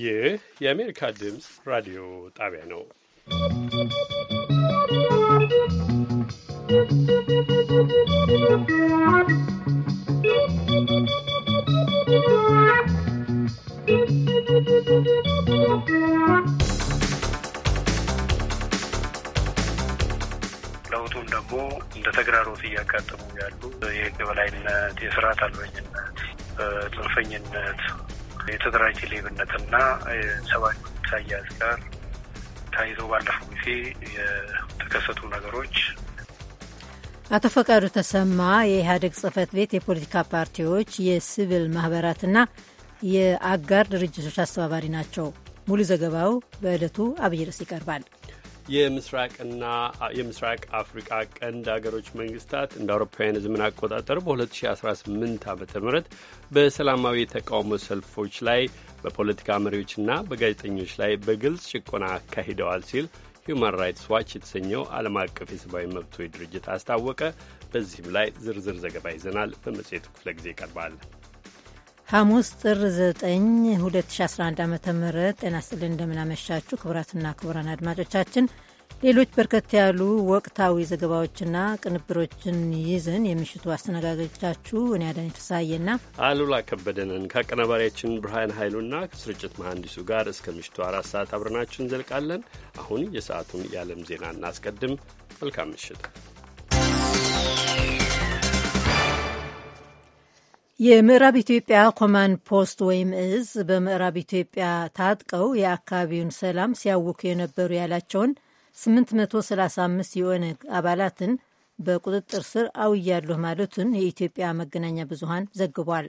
ይህ የአሜሪካ ድምፅ ራዲዮ ጣቢያ ነው። ለውጡም ደግሞ እንደ ተግዳሮት እያጋጠሙ ያሉ የህግ በላይነት፣ የስርዓት አልበኝነት፣ ጽንፈኝነት የተደራጀ ሌብነትና ሰብአዊ መብት አያያዝ ጋር ታይዞ ባለፈው ጊዜ የተከሰቱ ነገሮች አቶ ፈቃዱ ተሰማ የኢህአዴግ ጽህፈት ቤት የፖለቲካ ፓርቲዎች የሲቪል ማህበራትና የአጋር ድርጅቶች አስተባባሪ ናቸው። ሙሉ ዘገባው በዕለቱ አብይ ርዕስ ይቀርባል። የምስራቅና የምስራቅ አፍሪቃ ቀንድ አገሮች መንግስታት እንደ አውሮፓውያን ዘመን አቆጣጠር በ2018 ዓ ም በሰላማዊ የተቃውሞ ሰልፎች ላይ በፖለቲካ መሪዎችና በጋዜጠኞች ላይ በግልጽ ጭቆና አካሂደዋል ሲል ሁማን ራይትስ ዋች የተሰኘው ዓለም አቀፍ የሰብአዊ መብቶች ድርጅት አስታወቀ። በዚህም ላይ ዝርዝር ዘገባ ይዘናል። በመጽሔቱ ክፍለ ጊዜ ይቀርባል። ሐሙስ ጥር 9 2011 ዓ ም ጤና ስጥልን እንደምናመሻችሁ ክቡራትና ክቡራን አድማጮቻችን ሌሎች በርከት ያሉ ወቅታዊ ዘገባዎችና ቅንብሮችን ይዘን የምሽቱ አስተናጋጆቻችሁ እኔ አዳኝ ፍስሐዬና አሉላ ከበደንን ከአቀናባሪያችን ብርሃን ኃይሉና ከስርጭት መሐንዲሱ ጋር እስከ ምሽቱ አራት ሰዓት አብረናችሁ እንዘልቃለን። አሁን የሰዓቱን የዓለም ዜና እናስቀድም። መልካም ምሽት። የምዕራብ ኢትዮጵያ ኮማንድ ፖስት ወይም እዝ በምዕራብ ኢትዮጵያ ታጥቀው የአካባቢውን ሰላም ሲያውኩ የነበሩ ያላቸውን 835 የኦነግ አባላትን በቁጥጥር ስር አውያለሁ ማለቱን የኢትዮጵያ መገናኛ ብዙሃን ዘግቧል።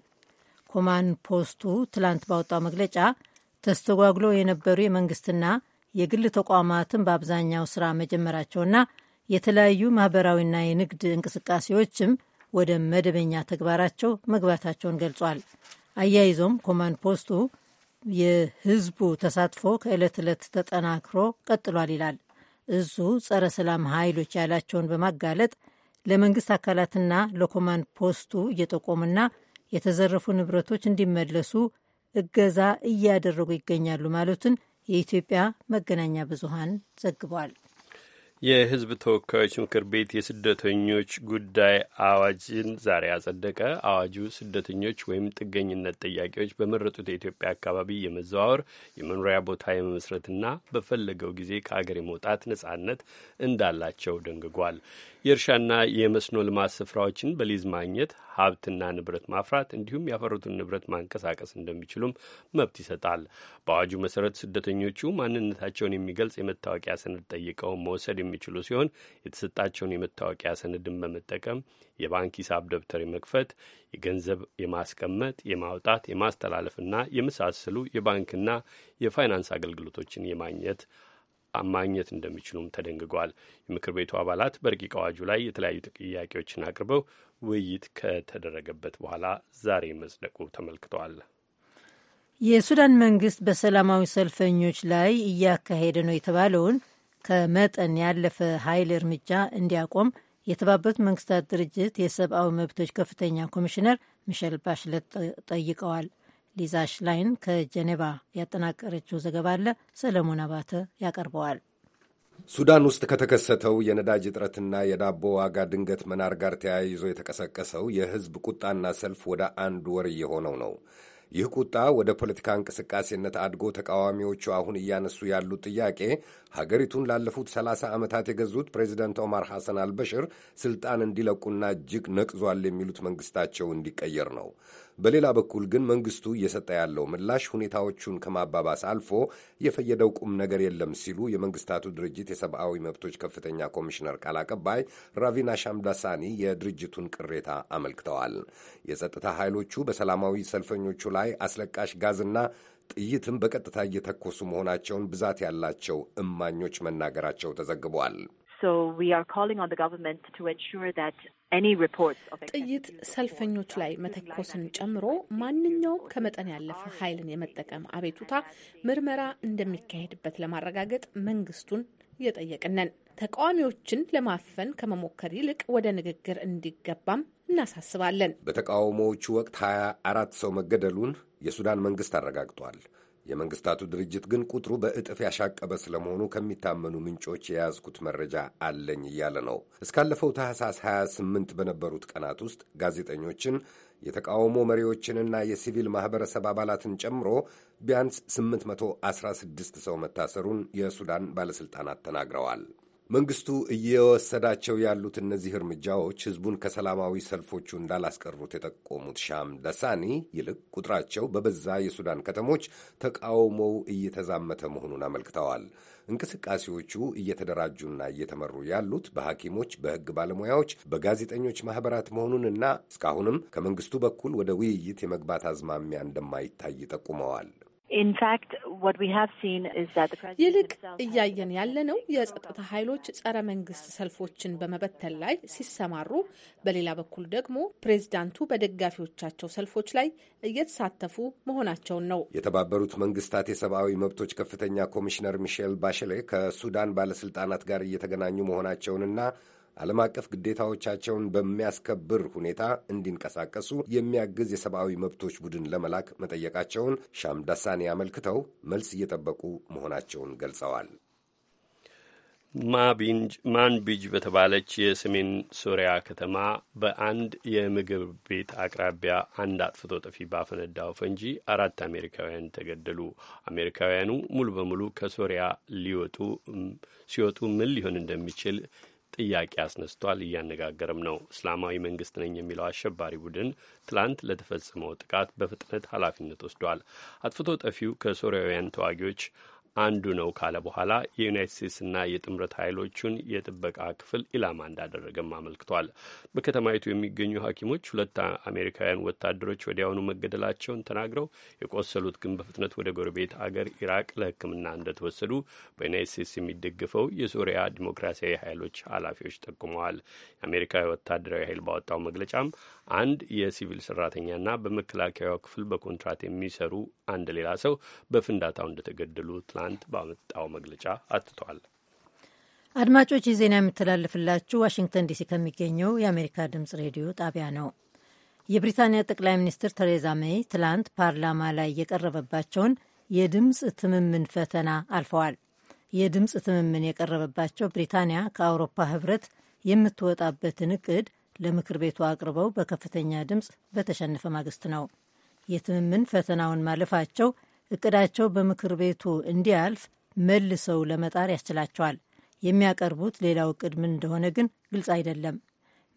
ኮማንድ ፖስቱ ትላንት ባወጣው መግለጫ ተስተጓጉለው የነበሩ የመንግስትና የግል ተቋማትን በአብዛኛው ስራ መጀመራቸውና የተለያዩ ማህበራዊና የንግድ እንቅስቃሴዎችም ወደ መደበኛ ተግባራቸው መግባታቸውን ገልጿል። አያይዞም ኮማንድ ፖስቱ የህዝቡ ተሳትፎ ከዕለት ዕለት ተጠናክሮ ቀጥሏል ይላል። እዙ ጸረ ሰላም ኃይሎች ያላቸውን በማጋለጥ ለመንግስት አካላትና ለኮማንድ ፖስቱ እየጠቆሙና የተዘረፉ ንብረቶች እንዲመለሱ እገዛ እያደረጉ ይገኛሉ ማለቱን የኢትዮጵያ መገናኛ ብዙሃን ዘግቧል። የህዝብ ተወካዮች ምክር ቤት የስደተኞች ጉዳይ አዋጅን ዛሬ አጸደቀ። አዋጁ ስደተኞች ወይም ጥገኝነት ጠያቂዎች በመረጡት የኢትዮጵያ አካባቢ የመዘዋወር የመኖሪያ ቦታ የመመስረትና በፈለገው ጊዜ ከአገር የመውጣት ነጻነት እንዳላቸው ደንግጓል። የእርሻና የመስኖ ልማት ስፍራዎችን በሊዝ ማግኘት ሀብትና ንብረት ማፍራት እንዲሁም ያፈሩትን ንብረት ማንቀሳቀስ እንደሚችሉም መብት ይሰጣል። በአዋጁ መሰረት ስደተኞቹ ማንነታቸውን የሚገልጽ የመታወቂያ ሰነድ ጠይቀው መውሰድ የሚችሉ ሲሆን የተሰጣቸውን የመታወቂያ ሰነድን በመጠቀም የባንክ ሂሳብ ደብተር የመክፈት፣ የገንዘብ የማስቀመጥ፣ የማውጣት፣ የማስተላለፍና የመሳሰሉ የባንክና የፋይናንስ አገልግሎቶችን የማግኘት ማግኘት እንደሚችሉም ተደንግጓል። የምክር ቤቱ አባላት በረቂቅ አዋጁ ላይ የተለያዩ ጥያቄዎችን አቅርበው ውይይት ከተደረገበት በኋላ ዛሬ መጽደቁ ተመልክተዋል። የሱዳን መንግስት በሰላማዊ ሰልፈኞች ላይ እያካሄደ ነው የተባለውን ከመጠን ያለፈ ኃይል እርምጃ እንዲያቆም የተባበሩት መንግስታት ድርጅት የሰብአዊ መብቶች ከፍተኛ ኮሚሽነር ሚሸል ባሽለት ጠይቀዋል። ሊዛ ሽላይን ከጀኔቫ ያጠናቀረችው ዘገባ አለ። ሰለሞን አባተ ያቀርበዋል። ሱዳን ውስጥ ከተከሰተው የነዳጅ እጥረትና የዳቦ ዋጋ ድንገት መናር ጋር ተያይዞ የተቀሰቀሰው የህዝብ ቁጣና ሰልፍ ወደ አንድ ወር እየሆነው ነው። ይህ ቁጣ ወደ ፖለቲካ እንቅስቃሴነት አድጎ ተቃዋሚዎቹ አሁን እያነሱ ያሉት ጥያቄ ሀገሪቱን ላለፉት ሰላሳ ዓመታት የገዙት ፕሬዚደንት ኦማር ሐሰን አልበሽር ስልጣን እንዲለቁና እጅግ ነቅዟል የሚሉት መንግስታቸው እንዲቀየር ነው። በሌላ በኩል ግን መንግስቱ እየሰጠ ያለው ምላሽ ሁኔታዎቹን ከማባባስ አልፎ የፈየደው ቁም ነገር የለም ሲሉ የመንግስታቱ ድርጅት የሰብአዊ መብቶች ከፍተኛ ኮሚሽነር ቃል አቀባይ ራቪና ሻምዳሳኒ የድርጅቱን ቅሬታ አመልክተዋል። የጸጥታ ኃይሎቹ በሰላማዊ ሰልፈኞቹ ላይ አስለቃሽ ጋዝና ጥይትም በቀጥታ እየተኮሱ መሆናቸውን ብዛት ያላቸው እማኞች መናገራቸው ተዘግቧል። So we are calling on the government to ensure that ጥይት ሰልፈኞች ላይ መተኮስን ጨምሮ ማንኛውም ከመጠን ያለፈ ኃይልን የመጠቀም አቤቱታ ምርመራ እንደሚካሄድበት ለማረጋገጥ መንግስቱን እየጠየቅነን ተቃዋሚዎችን ለማፈን ከመሞከር ይልቅ ወደ ንግግር እንዲገባም እናሳስባለን። በተቃውሞዎቹ ወቅት 24 ሰው መገደሉን የሱዳን መንግስት አረጋግጧል። የመንግስታቱ ድርጅት ግን ቁጥሩ በእጥፍ ያሻቀበ ስለመሆኑ ከሚታመኑ ምንጮች የያዝኩት መረጃ አለኝ እያለ ነው። እስካለፈው ታህሳስ 28 በነበሩት ቀናት ውስጥ ጋዜጠኞችን፣ የተቃውሞ መሪዎችንና የሲቪል ማኅበረሰብ አባላትን ጨምሮ ቢያንስ 816 ሰው መታሰሩን የሱዳን ባለሥልጣናት ተናግረዋል። መንግስቱ እየወሰዳቸው ያሉት እነዚህ እርምጃዎች ህዝቡን ከሰላማዊ ሰልፎቹ እንዳላስቀሩት የጠቆሙት ሻም ደሳኒ ይልቅ ቁጥራቸው በበዛ የሱዳን ከተሞች ተቃውሞው እየተዛመተ መሆኑን አመልክተዋል። እንቅስቃሴዎቹ እየተደራጁና እየተመሩ ያሉት በሐኪሞች፣ በህግ ባለሙያዎች፣ በጋዜጠኞች ማኅበራት መሆኑንና እስካሁንም ከመንግስቱ በኩል ወደ ውይይት የመግባት አዝማሚያ እንደማይታይ ጠቁመዋል። ይልቅ እያየን ያለነው የጸጥታ ኃይሎች ጸረ መንግስት ሰልፎችን በመበተን ላይ ሲሰማሩ፣ በሌላ በኩል ደግሞ ፕሬዚዳንቱ በደጋፊዎቻቸው ሰልፎች ላይ እየተሳተፉ መሆናቸውን ነው። የተባበሩት መንግስታት የሰብአዊ መብቶች ከፍተኛ ኮሚሽነር ሚሼል ባሸሌ ከሱዳን ባለስልጣናት ጋር እየተገናኙ መሆናቸውንና ዓለም አቀፍ ግዴታዎቻቸውን በሚያስከብር ሁኔታ እንዲንቀሳቀሱ የሚያግዝ የሰብአዊ መብቶች ቡድን ለመላክ መጠየቃቸውን ሻምዳሳኔ አመልክተው መልስ እየጠበቁ መሆናቸውን ገልጸዋል። ማንቢጅ በተባለች የሰሜን ሶሪያ ከተማ በአንድ የምግብ ቤት አቅራቢያ አንድ አጥፍቶ ጠፊ ባፈነዳው ፈንጂ አራት አሜሪካውያን ተገደሉ። አሜሪካውያኑ ሙሉ በሙሉ ከሶሪያ ሊወጡ ሲወጡ ምን ሊሆን እንደሚችል ጥያቄ አስነስቷል፣ እያነጋገርም ነው። እስላማዊ መንግስት ነኝ የሚለው አሸባሪ ቡድን ትላንት ለተፈጸመው ጥቃት በፍጥነት ኃላፊነት ወስዷል። አጥፍቶ ጠፊው ከሶሪያውያን ተዋጊዎች አንዱ ነው ካለ በኋላ የዩናይት ስቴትስና የጥምረት ኃይሎቹን የጥበቃ ክፍል ኢላማ እንዳደረገም አመልክቷል። በከተማይቱ የሚገኙ ሐኪሞች ሁለት አሜሪካውያን ወታደሮች ወዲያውኑ መገደላቸውን ተናግረው የቆሰሉት ግን በፍጥነት ወደ ጎረቤት አገር ኢራቅ ለሕክምና እንደተወሰዱ በዩናይት ስቴትስ የሚደግፈው የሶሪያ ዲሞክራሲያዊ ኃይሎች ኃላፊዎች ጠቁመዋል። የአሜሪካዊ ወታደራዊ ኃይል ባወጣው መግለጫም አንድ የሲቪል ሰራተኛና በመከላከያው ክፍል በኮንትራት የሚሰሩ አንድ ሌላ ሰው በፍንዳታው እንደተገደሉ ትላንት ባመጣው መግለጫ አትተዋል። አድማጮች ይህ ዜና የምተላለፍላችሁ ዋሽንግተን ዲሲ ከሚገኘው የአሜሪካ ድምጽ ሬዲዮ ጣቢያ ነው። የብሪታንያ ጠቅላይ ሚኒስትር ተሬዛ ሜይ ትላንት ፓርላማ ላይ የቀረበባቸውን የድምፅ ትምምን ፈተና አልፈዋል። የድምፅ ትምምን የቀረበባቸው ብሪታንያ ከአውሮፓ ህብረት የምትወጣበትን እቅድ ለምክር ቤቱ አቅርበው በከፍተኛ ድምፅ በተሸነፈ ማግስት ነው። የትምምን ፈተናውን ማለፋቸው እቅዳቸው በምክር ቤቱ እንዲያልፍ መልሰው ለመጣር ያስችላቸዋል። የሚያቀርቡት ሌላው እቅድ ምን እንደሆነ ግን ግልጽ አይደለም።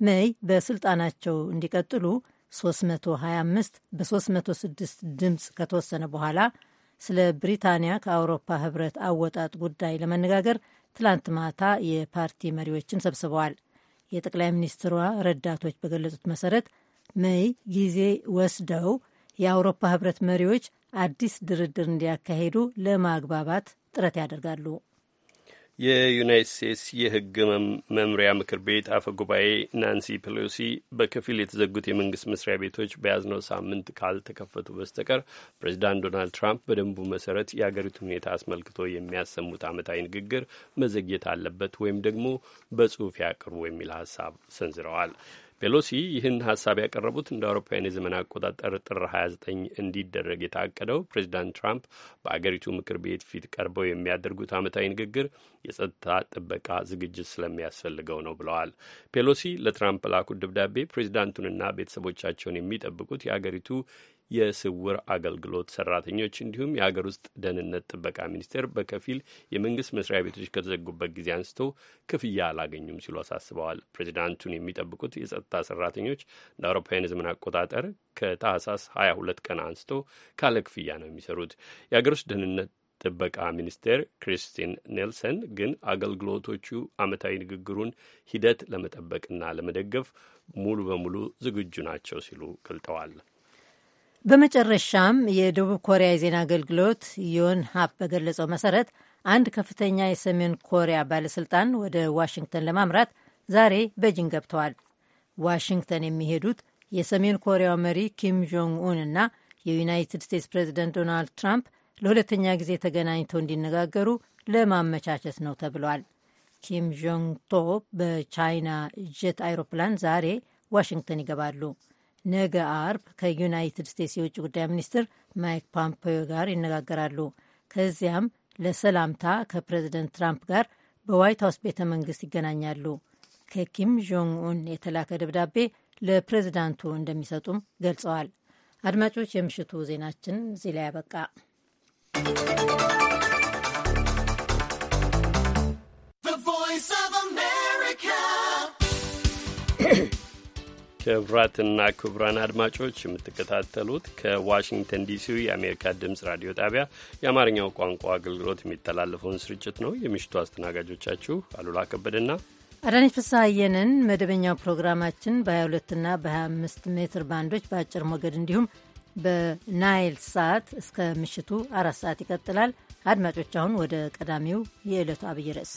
መይ በስልጣናቸው እንዲቀጥሉ 325 በ306 ድምፅ ከተወሰነ በኋላ ስለ ብሪታንያ ከአውሮፓ ህብረት አወጣጥ ጉዳይ ለመነጋገር ትላንት ማታ የፓርቲ መሪዎችን ሰብስበዋል። የጠቅላይ ሚኒስትሯ ረዳቶች በገለጹት መሰረት መይ ጊዜ ወስደው የአውሮፓ ህብረት መሪዎች አዲስ ድርድር እንዲያካሄዱ ለማግባባት ጥረት ያደርጋሉ። የዩናይት ስቴትስ የህግ መምሪያ ምክር ቤት አፈ ጉባኤ ናንሲ ፔሎሲ በከፊል የተዘጉት የመንግስት መስሪያ ቤቶች በያዝነው ሳምንት ካልተከፈቱ በስተቀር ፕሬዚዳንት ዶናልድ ትራምፕ በደንቡ መሰረት የአገሪቱ ሁኔታ አስመልክቶ የሚያሰሙት ዓመታዊ ንግግር መዘግየት አለበት ወይም ደግሞ በጽሁፍ ያቅርቡ የሚል ሀሳብ ሰንዝረዋል። ፔሎሲ ይህን ሀሳብ ያቀረቡት እንደ አውሮፓውያን የዘመን አቆጣጠር ጥር 29 እንዲደረግ የታቀደው ፕሬዚዳንት ትራምፕ በአገሪቱ ምክር ቤት ፊት ቀርበው የሚያደርጉት ዓመታዊ ንግግር የጸጥታ ጥበቃ ዝግጅት ስለሚያስፈልገው ነው ብለዋል። ፔሎሲ ለትራምፕ ላኩት ደብዳቤ ፕሬዚዳንቱንና ቤተሰቦቻቸውን የሚጠብቁት የአገሪቱ የስውር አገልግሎት ሰራተኞች እንዲሁም የሀገር ውስጥ ደህንነት ጥበቃ ሚኒስቴር በከፊል የመንግስት መስሪያ ቤቶች ከተዘጉበት ጊዜ አንስቶ ክፍያ አላገኙም ሲሉ አሳስበዋል። ፕሬዚዳንቱን የሚጠብቁት የጸጥታ ሰራተኞች እንደ አውሮፓውያን ዘመን አቆጣጠር ከታህሳስ 22 ቀን አንስቶ ካለ ክፍያ ነው የሚሰሩት። የሀገር ውስጥ ደህንነት ጥበቃ ሚኒስቴር ክሪስቲን ኔልሰን ግን አገልግሎቶቹ አመታዊ ንግግሩን ሂደት ለመጠበቅና ለመደገፍ ሙሉ በሙሉ ዝግጁ ናቸው ሲሉ ገልጠዋል። በመጨረሻም የደቡብ ኮሪያ የዜና አገልግሎት ዮን ዮንሃፕ በገለጸው መሰረት አንድ ከፍተኛ የሰሜን ኮሪያ ባለስልጣን ወደ ዋሽንግተን ለማምራት ዛሬ በጂን ገብተዋል። ዋሽንግተን የሚሄዱት የሰሜን ኮሪያው መሪ ኪም ጆንግ ኡን እና የዩናይትድ ስቴትስ ፕሬዚደንት ዶናልድ ትራምፕ ለሁለተኛ ጊዜ ተገናኝተው እንዲነጋገሩ ለማመቻቸት ነው ተብሏል። ኪም ጆንግ ቶ በቻይና ጀት አይሮፕላን ዛሬ ዋሽንግተን ይገባሉ። ነገ አርብ ከዩናይትድ ስቴትስ የውጭ ጉዳይ ሚኒስትር ማይክ ፖምፔዮ ጋር ይነጋገራሉ። ከዚያም ለሰላምታ ከፕሬዚደንት ትራምፕ ጋር በዋይት ሀውስ ቤተ መንግስት ይገናኛሉ። ከኪም ጆንግ ኡን የተላከ ደብዳቤ ለፕሬዚዳንቱ እንደሚሰጡም ገልጸዋል። አድማጮች፣ የምሽቱ ዜናችን እዚህ ላይ ያበቃ። ክቡራትና ክቡራን አድማጮች የምትከታተሉት ከዋሽንግተን ዲሲ የአሜሪካ ድምፅ ራዲዮ ጣቢያ የአማርኛው ቋንቋ አገልግሎት የሚተላለፈውን ስርጭት ነው። የምሽቱ አስተናጋጆቻችሁ አሉላ ከበደና አዳነች ፍስሐየንን። መደበኛው ፕሮግራማችን በ22ና በ25 ሜትር ባንዶች በአጭር ሞገድ እንዲሁም በናይል ሰዓት እስከ ምሽቱ አራት ሰዓት ይቀጥላል። አድማጮች አሁን ወደ ቀዳሚው የዕለቱ አብይ ርዕስ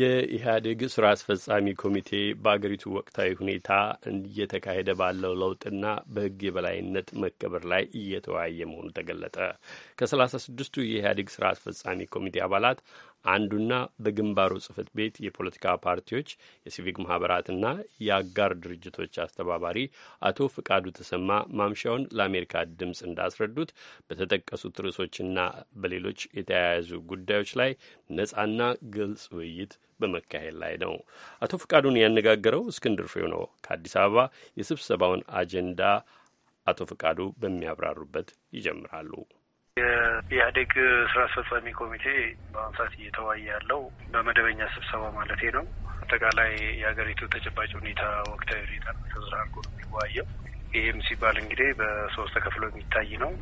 የኢህአዴግ ስራ አስፈጻሚ ኮሚቴ በአገሪቱ ወቅታዊ ሁኔታ እየተካሄደ ባለው ለውጥና በህግ የበላይነት መከበር ላይ እየተወያየ መሆኑ ተገለጠ። ከሰላሳ ስድስቱ የኢህአዴግ ስራ አስፈጻሚ ኮሚቴ አባላት አንዱና በግንባሩ ጽህፈት ቤት የፖለቲካ ፓርቲዎች የሲቪክ ማህበራትና የአጋር ድርጅቶች አስተባባሪ አቶ ፍቃዱ ተሰማ ማምሻውን ለአሜሪካ ድምፅ እንዳስረዱት በተጠቀሱት ርዕሶችና በሌሎች የተያያዙ ጉዳዮች ላይ ነጻና ግልጽ ውይይት በመካሄድ ላይ ነው። አቶ ፍቃዱን ያነጋገረው እስክንድር ፍሬው ነው ከአዲስ አበባ። የስብሰባውን አጀንዳ አቶ ፍቃዱ በሚያብራሩበት ይጀምራሉ። የኢህአዴግ ስራ አስፈጻሚ ኮሚቴ በአሁኑ ሰዓት እየተወያየ ያለው በመደበኛ ስብሰባ ማለት ነው። አጠቃላይ የሀገሪቱ ተጨባጭ ሁኔታ፣ ወቅታዊ ሁኔታ ተዝራ ነው የሚወያየው። ይህም ሲባል እንግዲህ በሶስት ተከፍሎ የሚታይ ነው።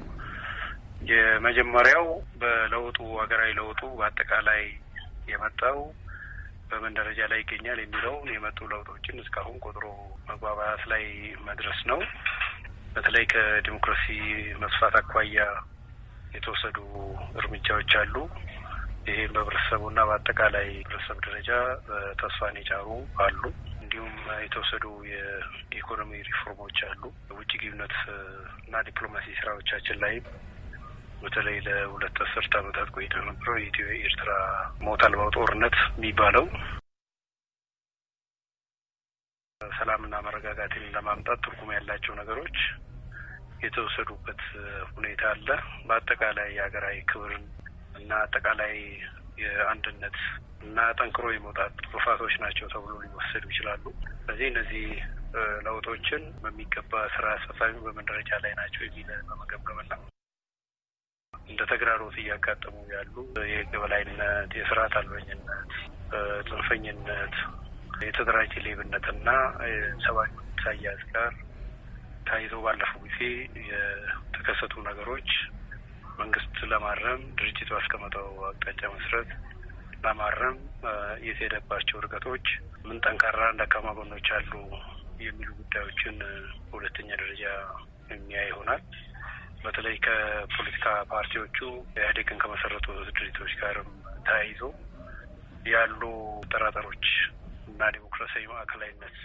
የመጀመሪያው በለውጡ ሀገራዊ ለውጡ በአጠቃላይ የመጣው በምን ደረጃ ላይ ይገኛል የሚለውን የመጡ ለውጦችን እስካሁን ቆጥሮ መግባባት ላይ መድረስ ነው። በተለይ ከዲሞክራሲ መስፋት አኳያ የተወሰዱ እርምጃዎች አሉ። ይሄ በህብረተሰቡና በአጠቃላይ ህብረተሰብ ደረጃ ተስፋን የጫሩ አሉ። እንዲሁም የተወሰዱ የኢኮኖሚ ሪፎርሞች አሉ። ውጭ ግንኙነት እና ዲፕሎማሲ ስራዎቻችን ላይም በተለይ ለሁለት አስርት ዓመታት ቆይቶ የነበረው የኢትዮ ኤርትራ ሞት አልባው ጦርነት የሚባለው ሰላምና መረጋጋትን ለማምጣት ትርጉም ያላቸው ነገሮች የተወሰዱበት ሁኔታ አለ። በአጠቃላይ የሀገራዊ ክብርን እና አጠቃላይ የአንድነት እና ጠንክሮ የመውጣት ጥፋቶች ናቸው ተብሎ ሊወሰዱ ይችላሉ። ስለዚህ እነዚህ ለውጦችን በሚገባ ስራ አስፈጻሚ በምን ደረጃ ላይ ናቸው የሚል ና እንደ ተግዳሮት እያጋጠሙ ያሉ የህግ የበላይነት፣ የስርዓት አልበኝነት፣ ጽንፈኝነት፣ የተደራጀ ሌብነትና ሰብአዊ አያያዝ ጋር ተያይዞ ባለፈው ጊዜ የተከሰቱ ነገሮች መንግስት ለማረም ድርጅት ባስቀመጠው አቅጣጫ መሰረት ለማረም የተሄደባቸው እርቀቶች ምን ጠንካራ ደካማ ጎኖች አሉ የሚሉ ጉዳዮችን በሁለተኛ ደረጃ የሚያ ይሆናል። በተለይ ከፖለቲካ ፓርቲዎቹ ኢህአዴግን ከመሰረቱ ድርጅቶች ጋርም ተያይዞ ያሉ ጠራጠሮች እና ዲሞክራሲያዊ ማዕከላዊነት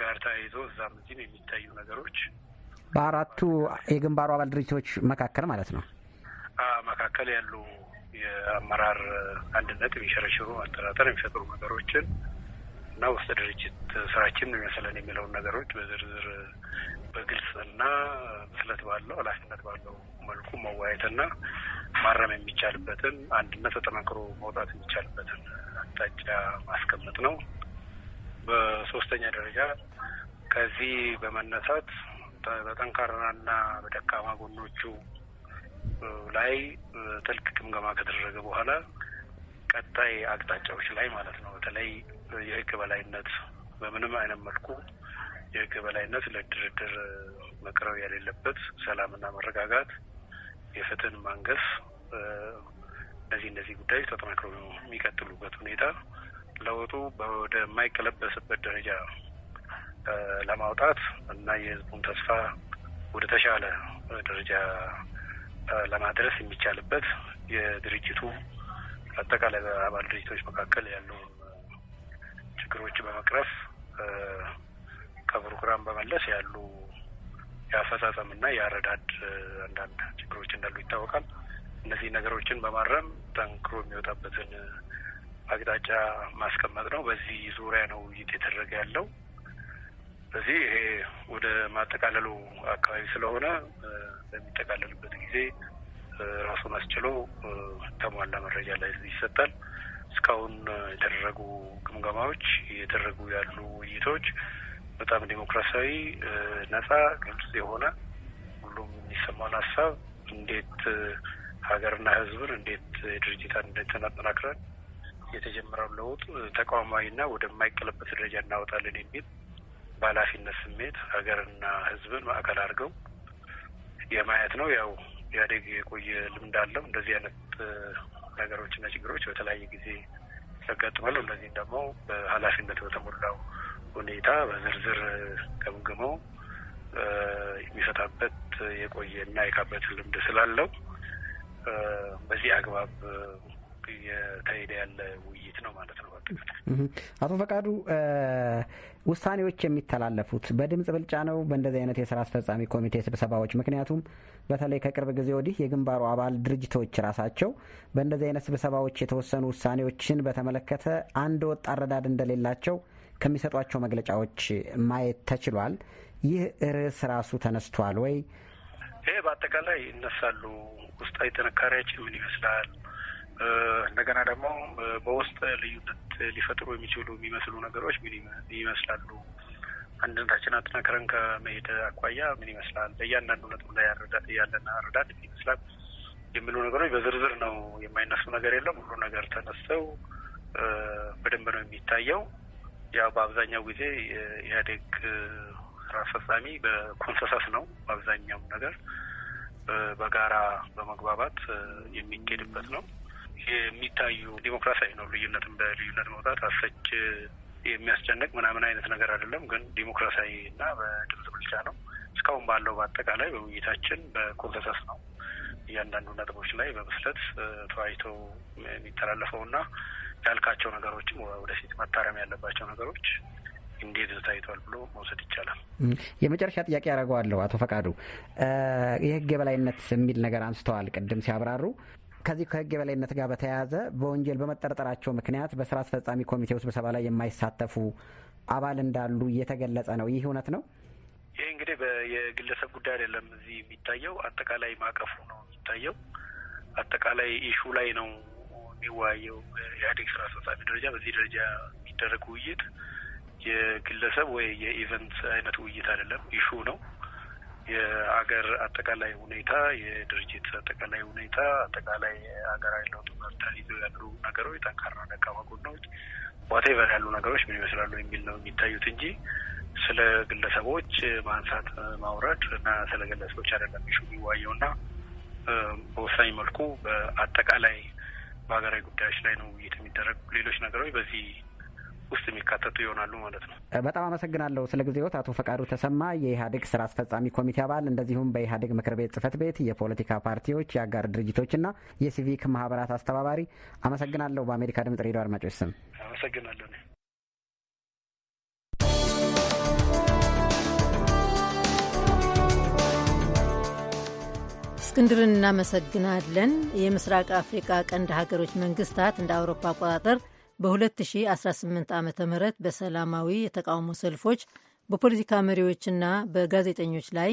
ጋር ተያይዞ እዛም እዚህም የሚታዩ ነገሮች በአራቱ የግንባሩ አባል ድርጅቶች መካከል ማለት ነው መካከል ያሉ የአመራር አንድነት የሚሸረሽሩ አጠራጠር የሚፈጥሩ ነገሮችን እና ውስጥ ድርጅት ስራችን የሚመስለን የሚለውን ነገሮች በዝርዝር በግልጽ እና ምስለት ባለው ኃላፊነት ባለው መልኩ መወያየትና ማረም የሚቻልበትን አንድነት ተጠናክሮ መውጣት የሚቻልበትን አቅጣጫ ማስቀመጥ ነው። በሶስተኛ ደረጃ ከዚህ በመነሳት በጠንካራና በደካማ ጎኖቹ ላይ ጥልቅ ግምገማ ከተደረገ በኋላ ቀጣይ አቅጣጫዎች ላይ ማለት ነው። በተለይ የህግ በላይነት በምንም አይነት መልኩ የህግ በላይነት ለድርድር መቅረብ የሌለበት፣ ሰላምና መረጋጋት፣ የፍትህን ማንገስ፣ እነዚህ እነዚህ ጉዳዮች ተጠናክረው የሚቀጥሉበት ሁኔታ ለውጡ የማይቀለበስበት ደረጃ ለማውጣት እና የህዝቡን ተስፋ ወደ ተሻለ ደረጃ ለማድረስ የሚቻልበት የድርጅቱ አጠቃላይ በአባል ድርጅቶች መካከል ያሉ ችግሮች በመቅረፍ ከፕሮግራም በመለስ ያሉ የአፈጻጸምና የአረዳድ አንዳንድ ችግሮች እንዳሉ ይታወቃል። እነዚህ ነገሮችን በማረም ጠንክሮ የሚወጣበትን አቅጣጫ ማስቀመጥ ነው። በዚህ ዙሪያ ነው ውይይት የተደረገ ያለው። በዚህ ይሄ ወደ ማጠቃለሉ አካባቢ ስለሆነ በሚጠቃለልበት ጊዜ ራሱን አስችሎ ተሟላ መረጃ ላይ ይሰጣል። እስካሁን የተደረጉ ግምገማዎች፣ የተደረጉ ያሉ ውይይቶች በጣም ዲሞክራሲያዊ፣ ነጻ፣ ግልጽ የሆነ ሁሉም የሚሰማውን ሀሳብ እንዴት ሀገርና ሕዝብን እንዴት ድርጅታን አንድነትን አጠናክረን የተጀመረው ለውጥ ተቋማዊና ወደማይቀለበት ደረጃ እናወጣለን የሚል በኃላፊነት ስሜት ሀገርና ሕዝብን ማዕከል አድርገው የማየት ነው። ያው ኢህአዴግ የቆየ ልምድ አለው። እንደዚህ አይነት ነገሮችና ችግሮች በተለያየ ጊዜ ያጋጥማሉ። እነዚህም ደግሞ በኃላፊነት በተሞላው ሁኔታ በዝርዝር ገምግመው የሚፈታበት የቆየ እና የካበት ልምድ ስላለው በዚህ አግባብ እየተሄደ ያለ ውይይት ነው ማለት ነው። አቶ ፈቃዱ ውሳኔዎች የሚተላለፉት በድምጽ ብልጫ ነው በእንደዚህ አይነት የስራ አስፈጻሚ ኮሚቴ ስብሰባዎች? ምክንያቱም በተለይ ከቅርብ ጊዜ ወዲህ የግንባሩ አባል ድርጅቶች ራሳቸው በእንደዚህ አይነት ስብሰባዎች የተወሰኑ ውሳኔዎችን በተመለከተ አንድ ወጥ አረዳድ እንደሌላቸው ከሚሰጧቸው መግለጫዎች ማየት ተችሏል። ይህ ርዕስ ራሱ ተነስቷል ወይ? ይሄ በአጠቃላይ ይነሳሉ። ውስጣዊ ጥንካሬያችን ምን ይመስላል እንደገና ደግሞ በውስጥ ልዩነት ሊፈጥሩ የሚችሉ የሚመስሉ ነገሮች ምን ይመስላሉ? አንድነታችን አጠናክረን ከመሄድ አኳያ ምን ይመስላል? በእያንዳንዱ ነጥብ ላይ ያለን አረዳድ ምን ይመስላል? የሚሉ ነገሮች በዝርዝር ነው። የማይነሱ ነገር የለም። ሁሉ ነገር ተነስተው በደንብ ነው የሚታየው። ያው በአብዛኛው ጊዜ የኢህአዴግ ስራ አስፈጻሚ በኮንሰሰስ ነው በአብዛኛው ነገር በጋራ በመግባባት የሚካሄድበት ነው። የሚታዩ ዲሞክራሲያዊ ነው። ልዩነትን በልዩነት መውጣት አሰች የሚያስጨንቅ ምናምን አይነት ነገር አይደለም። ግን ዲሞክራሲያዊ እና በድምጽ ብልጫ ነው። እስካሁን ባለው በአጠቃላይ በውይይታችን በኮንሰንሰስ ነው እያንዳንዱ ነጥቦች ላይ በብስለት ተወያይተው የሚተላለፈው እና ያልካቸው ነገሮችም ወደፊት መታረም ያለባቸው ነገሮች እንዴት ታይቷል ብሎ መውሰድ ይቻላል። የመጨረሻ ጥያቄ ያደርገዋለሁ። አቶ ፈቃዱ የህግ የበላይነት የሚል ነገር አንስተዋል ቅድም ሲያብራሩ ከዚህ ከህግ የበላይነት ጋር በተያያዘ በወንጀል በመጠርጠራቸው ምክንያት በስራ አስፈጻሚ ውስጥ ስብሰባ ላይ የማይሳተፉ አባል እንዳሉ እየተገለጸ ነው። ይህ እውነት ነው? ይህ እንግዲህ የግለሰብ ጉዳይ አይደለም። እዚህ የሚታየው አጠቃላይ ማዕቀፉ ነው የሚታየው አጠቃላይ ኢሹ ላይ ነው የሚወያየው። ኢህአዴግ ስራ አስፈጻሚ ደረጃ በዚህ ደረጃ የሚደረግ ውይይት የግለሰብ ወይ የኢቨንት አይነት ውይይት አይደለም፣ ኢሹ ነው። የአገር አጠቃላይ ሁኔታ፣ የድርጅት አጠቃላይ ሁኔታ፣ አጠቃላይ ሀገራዊ ለውጥ መርተን ይዘው ያሉ ነገሮች፣ ጠንካራ ደካማ ጎናዎች፣ ዋቴቨር ያሉ ነገሮች ምን ይመስላሉ የሚል ነው የሚታዩት እንጂ ስለ ግለሰቦች ማንሳት ማውረድ እና ስለ ግለሰቦች አይደለም ሹ የሚዋየው እና በወሳኝ መልኩ በአጠቃላይ በሀገራዊ ጉዳዮች ላይ ነው ውይይት የሚደረጉ ሌሎች ነገሮች በዚህ ውስጥ የሚካተቱ ይሆናሉ ማለት ነው። በጣም አመሰግናለሁ ስለ ጊዜዎት አቶ ፈቃዱ ተሰማ የኢህአዴግ ስራ አስፈጻሚ ኮሚቴ አባል እንደዚሁም በኢህአዴግ ምክር ቤት ጽህፈት ቤት የፖለቲካ ፓርቲዎች የአጋር ድርጅቶችና የሲቪክ ማህበራት አስተባባሪ አመሰግናለሁ። በአሜሪካ ድምጽ ሬዲዮ አድማጮች ስም አመሰግናለሁ። እስክንድርን እናመሰግናለን። የምስራቅ አፍሪካ ቀንድ ሀገሮች መንግስታት እንደ አውሮፓ አቆጣጠር በ2018 ዓ ም በሰላማዊ የተቃውሞ ሰልፎች በፖለቲካ መሪዎችና በጋዜጠኞች ላይ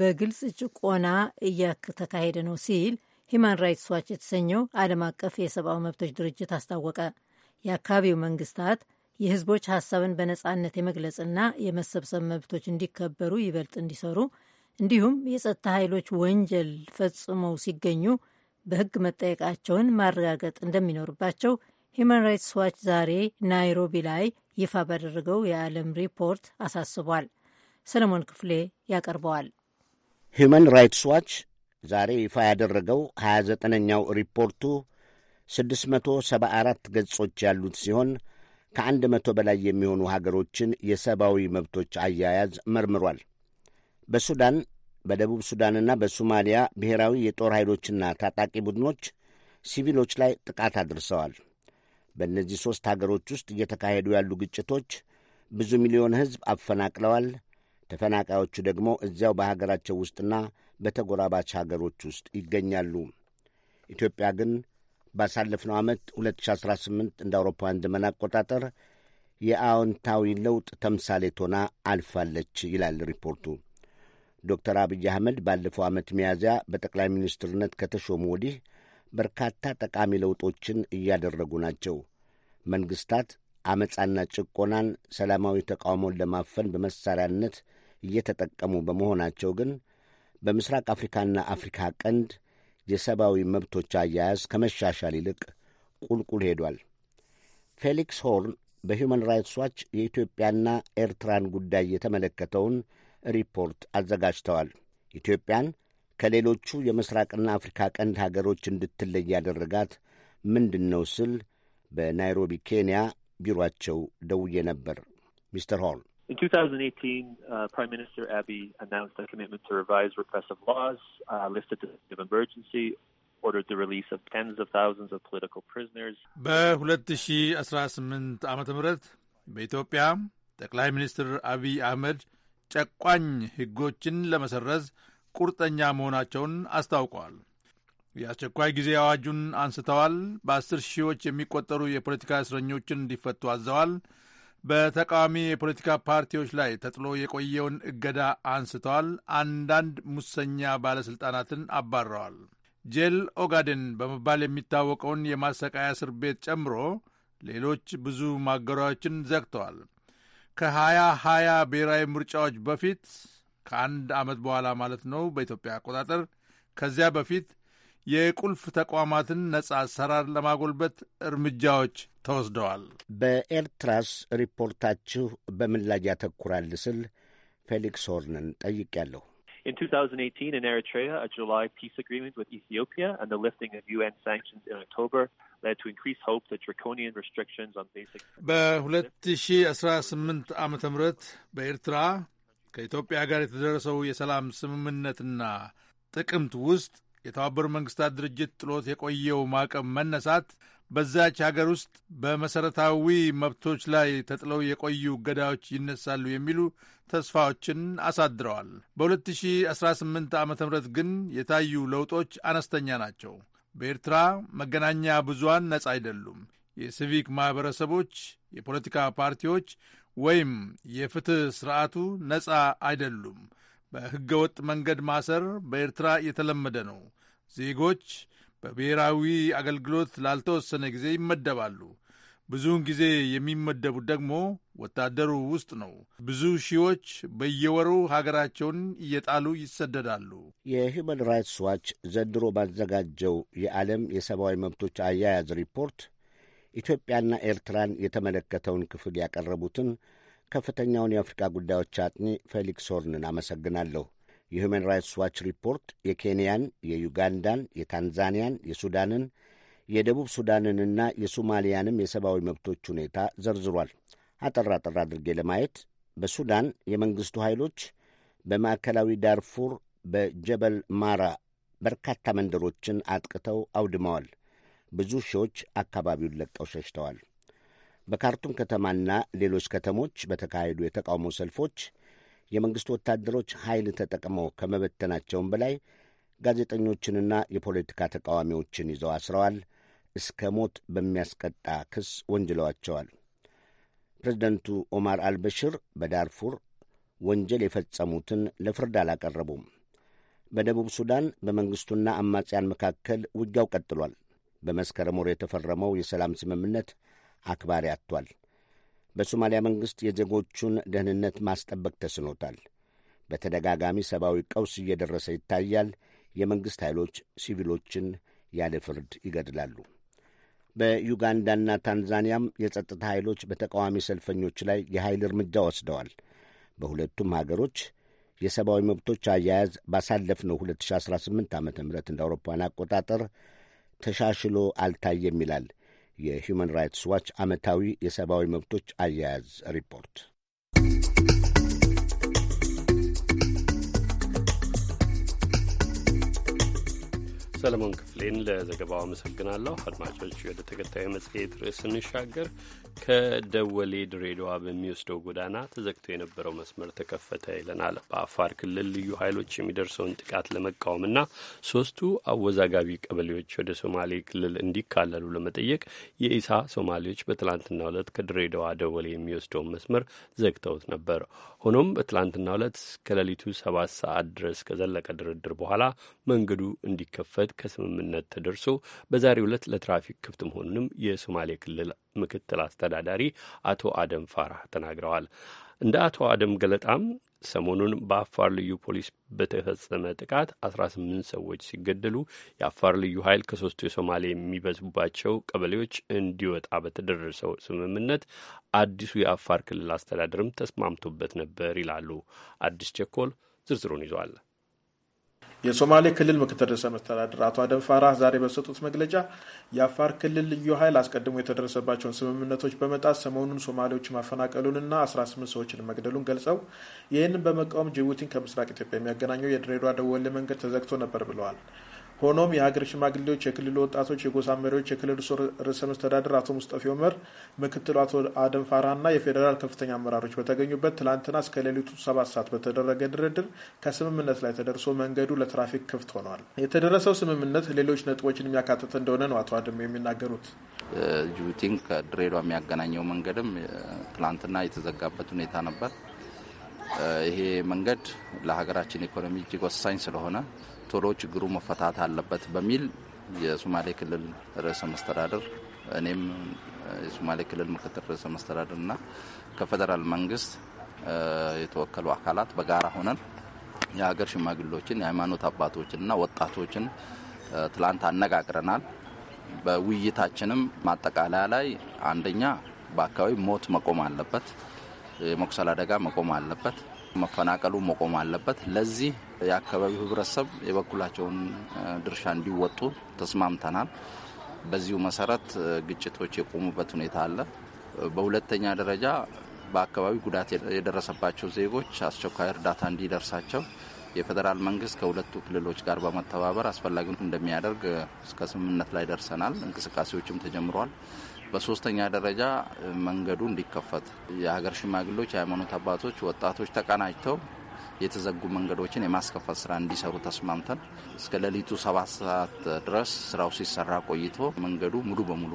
በግልጽ ጭቆና እያተካሄደ ነው ሲል ሂማን ራይትስ ዋች የተሰኘው ዓለም አቀፍ የሰብአዊ መብቶች ድርጅት አስታወቀ። የአካባቢው መንግስታት የህዝቦች ሀሳብን በነጻነት የመግለጽና የመሰብሰብ መብቶች እንዲከበሩ ይበልጥ እንዲሰሩ እንዲሁም የጸጥታ ኃይሎች ወንጀል ፈጽመው ሲገኙ በህግ መጠየቃቸውን ማረጋገጥ እንደሚኖርባቸው ሂማን ራይትስ ዋች ዛሬ ናይሮቢ ላይ ይፋ ባደረገው የዓለም ሪፖርት አሳስቧል። ሰለሞን ክፍሌ ያቀርበዋል። ሂማን ራይትስ ዋች ዛሬ ይፋ ያደረገው 29ኛው ሪፖርቱ 674 ገጾች ያሉት ሲሆን ከአንድ መቶ በላይ የሚሆኑ ሀገሮችን የሰብአዊ መብቶች አያያዝ መርምሯል። በሱዳን፣ በደቡብ ሱዳንና በሶማሊያ ብሔራዊ የጦር ኃይሎችና ታጣቂ ቡድኖች ሲቪሎች ላይ ጥቃት አድርሰዋል። በእነዚህ ሦስት አገሮች ውስጥ እየተካሄዱ ያሉ ግጭቶች ብዙ ሚሊዮን ሕዝብ አፈናቅለዋል። ተፈናቃዮቹ ደግሞ እዚያው በሀገራቸው ውስጥና በተጎራባች ሀገሮች ውስጥ ይገኛሉ። ኢትዮጵያ ግን ባሳለፍነው ዓመት 2018 እንደ አውሮፓውያን ዘመን አቆጣጠር የአዎንታዊ ለውጥ ተምሳሌት ሆና አልፋለች ይላል ሪፖርቱ። ዶክተር አብይ አህመድ ባለፈው ዓመት ሚያዝያ በጠቅላይ ሚኒስትርነት ከተሾሙ ወዲህ በርካታ ጠቃሚ ለውጦችን እያደረጉ ናቸው። መንግሥታት አመፃና ጭቆናን፣ ሰላማዊ ተቃውሞን ለማፈን በመሳሪያነት እየተጠቀሙ በመሆናቸው ግን በምስራቅ አፍሪካና አፍሪካ ቀንድ የሰብአዊ መብቶች አያያዝ ከመሻሻል ይልቅ ቁልቁል ሄዷል። ፌሊክስ ሆርን በሁማን ራይትስ ዋች የኢትዮጵያና ኤርትራን ጉዳይ የተመለከተውን ሪፖርት አዘጋጅተዋል። ኢትዮጵያን ከሌሎቹ የምስራቅና አፍሪካ ቀንድ ሀገሮች እንድትለይ ያደረጋት ምንድን ነው ስል በናይሮቢ ኬንያ ቢሮአቸው ደውዬ ነበር። ሚስተር ሆል In 2018, uh, Prime Minister Abiy announced a commitment to revise repressive laws, uh, lifted the state of emergency, ordered the release of tens of thousands of political prisoners. በ2018 ዓ ም በኢትዮጵያ ጠቅላይ ሚኒስትር አቢይ አህመድ ጨቋኝ ሕጎችን ለመሰረዝ ቁርጠኛ መሆናቸውን አስታውቀዋል። የአስቸኳይ ጊዜ አዋጁን አንስተዋል። በአስር ሺዎች የሚቆጠሩ የፖለቲካ እስረኞችን እንዲፈቱ አዘዋል። በተቃዋሚ የፖለቲካ ፓርቲዎች ላይ ተጥሎ የቆየውን እገዳ አንስተዋል። አንዳንድ ሙሰኛ ባለሥልጣናትን አባረዋል። ጄል ኦጋዴን በመባል የሚታወቀውን የማሰቃያ እስር ቤት ጨምሮ ሌሎች ብዙ ማገሪያዎችን ዘግተዋል። ከ ከ2020 ብሔራዊ ምርጫዎች በፊት ከአንድ ዓመት በኋላ ማለት ነው በኢትዮጵያ አቆጣጠር። ከዚያ በፊት የቁልፍ ተቋማትን ነጻ አሰራር ለማጎልበት እርምጃዎች ተወስደዋል። በኤርትራስ ሪፖርታችሁ በምን ላይ ያተኩራል ስል ፌሊክስ ሆርንን ጠይቄያለሁ። In 2018 in Eritrea, a July peace agreement with Ethiopia and the lifting of UN sanctions in October led to increased hope that draconian restrictions on basic... በ2018 ዓ ም በኤርትራ ከኢትዮጵያ ጋር የተደረሰው የሰላም ስምምነትና ጥቅምት ውስጥ የተባበሩት መንግስታት ድርጅት ጥሎት የቆየው ማዕቀብ መነሳት በዛች ሀገር ውስጥ በመሠረታዊ መብቶች ላይ ተጥለው የቆዩ እገዳዎች ይነሳሉ የሚሉ ተስፋዎችን አሳድረዋል። በ2018 ዓ ም ግን የታዩ ለውጦች አነስተኛ ናቸው። በኤርትራ መገናኛ ብዙሃን ነጻ አይደሉም። የሲቪክ ማኅበረሰቦች፣ የፖለቲካ ፓርቲዎች ወይም የፍትሕ ሥርዓቱ ነጻ አይደሉም። በሕገ ወጥ መንገድ ማሰር በኤርትራ የተለመደ ነው። ዜጎች በብሔራዊ አገልግሎት ላልተወሰነ ጊዜ ይመደባሉ። ብዙውን ጊዜ የሚመደቡት ደግሞ ወታደሩ ውስጥ ነው። ብዙ ሺዎች በየወሩ ሀገራቸውን እየጣሉ ይሰደዳሉ። የሁመን ራይትስ ዋች ዘንድሮ ባዘጋጀው የዓለም የሰብአዊ መብቶች አያያዝ ሪፖርት ኢትዮጵያና ኤርትራን የተመለከተውን ክፍል ያቀረቡትን ከፍተኛውን የአፍሪካ ጉዳዮች አጥኚ ፌሊክስ ሆርንን አመሰግናለሁ። የሁማን ራይትስ ዋች ሪፖርት የኬንያን፣ የዩጋንዳን፣ የታንዛኒያን፣ የሱዳንን፣ የደቡብ ሱዳንንና የሶማሊያንም የሰብአዊ መብቶች ሁኔታ ዘርዝሯል። አጠር አጠር አድርጌ ለማየት በሱዳን የመንግሥቱ ኃይሎች በማዕከላዊ ዳርፉር በጀበል ማራ በርካታ መንደሮችን አጥቅተው አውድመዋል። ብዙ ሺዎች አካባቢውን ለቀው ሸሽተዋል። በካርቱም ከተማና ሌሎች ከተሞች በተካሄዱ የተቃውሞ ሰልፎች የመንግሥቱ ወታደሮች ኃይል ተጠቅመው ከመበተናቸውም በላይ ጋዜጠኞችንና የፖለቲካ ተቃዋሚዎችን ይዘው አስረዋል። እስከ ሞት በሚያስቀጣ ክስ ወንጅለዋቸዋል። ፕሬዚደንቱ ኦማር አልበሽር በዳርፉር ወንጀል የፈጸሙትን ለፍርድ አላቀረቡም። በደቡብ ሱዳን በመንግሥቱና አማጽያን መካከል ውጊያው ቀጥሏል። በመስከረም ወር የተፈረመው የሰላም ስምምነት አክባሪ አጥቷል። በሶማሊያ መንግሥት የዜጎቹን ደህንነት ማስጠበቅ ተስኖታል። በተደጋጋሚ ሰብአዊ ቀውስ እየደረሰ ይታያል። የመንግሥት ኃይሎች ሲቪሎችን ያለ ፍርድ ይገድላሉ። በዩጋንዳና ታንዛኒያም የጸጥታ ኃይሎች በተቃዋሚ ሰልፈኞች ላይ የኃይል እርምጃ ወስደዋል። በሁለቱም ሀገሮች የሰብአዊ መብቶች አያያዝ ባሳለፍነው 2018 ዓ ም እንደ አውሮፓውያን አቆጣጠር ተሻሽሎ አልታየም ይላል የሁማን ራይትስ ዋች ዓመታዊ የሰብአዊ መብቶች አያያዝ ሪፖርት። ሰለሞን ክፍሌን ለዘገባው አመሰግናለሁ። አድማጮች ወደ ተከታዩ መጽሔት ርዕስ ስንሻገር ከደወሌ ድሬዳዋ በሚወስደው ጎዳና ተዘግቶ የነበረው መስመር ተከፈተ ይለናል። በአፋር ክልል ልዩ ኃይሎች የሚደርሰውን ጥቃት ለመቃወም እና ሶስቱ አወዛጋቢ ቀበሌዎች ወደ ሶማሌ ክልል እንዲካለሉ ለመጠየቅ የኢሳ ሶማሌዎች በትላንትናው ዕለት ከድሬዳዋ ደወሌ የሚወስደውን መስመር ዘግተውት ነበር። ሆኖም በትላንትናው ዕለት ከሌሊቱ ሰባት ሰዓት ድረስ ከዘለቀ ድርድር በኋላ መንገዱ እንዲከፈት ለማስወገድ ከስምምነት ተደርሶ በዛሬው ዕለት ለትራፊክ ክፍት መሆኑንም የሶማሌ ክልል ምክትል አስተዳዳሪ አቶ አደም ፋራህ ተናግረዋል። እንደ አቶ አደም ገለጣም ሰሞኑን በአፋር ልዩ ፖሊስ በተፈጸመ ጥቃት 18 ሰዎች ሲገደሉ የአፋር ልዩ ኃይል ከሶስቱ የሶማሌ የሚበዙባቸው ቀበሌዎች እንዲወጣ በተደረሰው ስምምነት አዲሱ የአፋር ክልል አስተዳደርም ተስማምቶበት ነበር ይላሉ። አዲስ ቸኮል ዝርዝሩን ይዟል። የሶማሌ ክልል ምክትል ርዕሰ መስተዳድር አቶ አደም ፋራህ ዛሬ በሰጡት መግለጫ የአፋር ክልል ልዩ ኃይል አስቀድሞ የተደረሰባቸውን ስምምነቶች በመጣት ሰሞኑን ሶማሌዎች ማፈናቀሉንና 18 ሰዎችን መግደሉን ገልጸው ይህንን በመቃወም ጅቡቲን ከምስራቅ ኢትዮጵያ የሚያገናኘው የድሬዳዋ ደወሌ መንገድ ተዘግቶ ነበር ብለዋል። ሆኖም የሀገር ሽማግሌዎች፣ የክልል ወጣቶች፣ የጎሳ መሪዎች፣ የክልል ርዕሰ መስተዳድር አቶ ሙስጠፊ ኦመር፣ ምክትሉ አቶ አደም ፋራህና የፌዴራል ከፍተኛ አመራሮች በተገኙበት ትላንትና እስከ ሌሊቱ ሰባት ሰዓት በተደረገ ድርድር ከስምምነት ላይ ተደርሶ መንገዱ ለትራፊክ ክፍት ሆኗል። የተደረሰው ስምምነት ሌሎች ነጥቦችን የሚያካትት እንደሆነ ነው አቶ አደም የሚናገሩት። ጅቡቲን ከድሬዳዋ የሚያገናኘው መንገድም ትላንትና የተዘጋበት ሁኔታ ነበር። ይሄ መንገድ ለሀገራችን ኢኮኖሚ እጅግ ወሳኝ ስለሆነ ቶሎ ችግሩ መፈታት አለበት በሚል የሶማሌ ክልል ርዕሰ መስተዳደር እኔም የሶማሌ ክልል ምክትል ርዕሰ መስተዳድርና ከፌደራል መንግስት የተወከሉ አካላት በጋራ ሆነን የሀገር ሽማግሌዎችን፣ የሃይማኖት አባቶችንና ወጣቶችን ትላንት አነጋግረናል። በውይይታችንም ማጠቃለያ ላይ አንደኛ በአካባቢ ሞት መቆም አለበት። የመቁሰል አደጋ መቆም አለበት፣ መፈናቀሉ መቆም አለበት። ለዚህ የአካባቢው ህብረተሰብ የበኩላቸውን ድርሻ እንዲወጡ ተስማምተናል። በዚሁ መሰረት ግጭቶች የቆሙበት ሁኔታ አለ። በሁለተኛ ደረጃ በአካባቢ ጉዳት የደረሰባቸው ዜጎች አስቸኳይ እርዳታ እንዲደርሳቸው የፌዴራል መንግስት ከሁለቱ ክልሎች ጋር በመተባበር አስፈላጊውን እንደሚያደርግ እስከ ስምምነት ላይ ደርሰናል። እንቅስቃሴዎችም ተጀምረዋል። በሶስተኛ ደረጃ መንገዱ እንዲከፈት የሀገር ሽማግሌዎች፣ የሃይማኖት አባቶች፣ ወጣቶች ተቀናጅተው የተዘጉ መንገዶችን የማስከፈት ስራ እንዲሰሩ ተስማምተን እስከ ሌሊቱ ሰባት ሰዓት ድረስ ስራው ሲሰራ ቆይቶ መንገዱ ሙሉ በሙሉ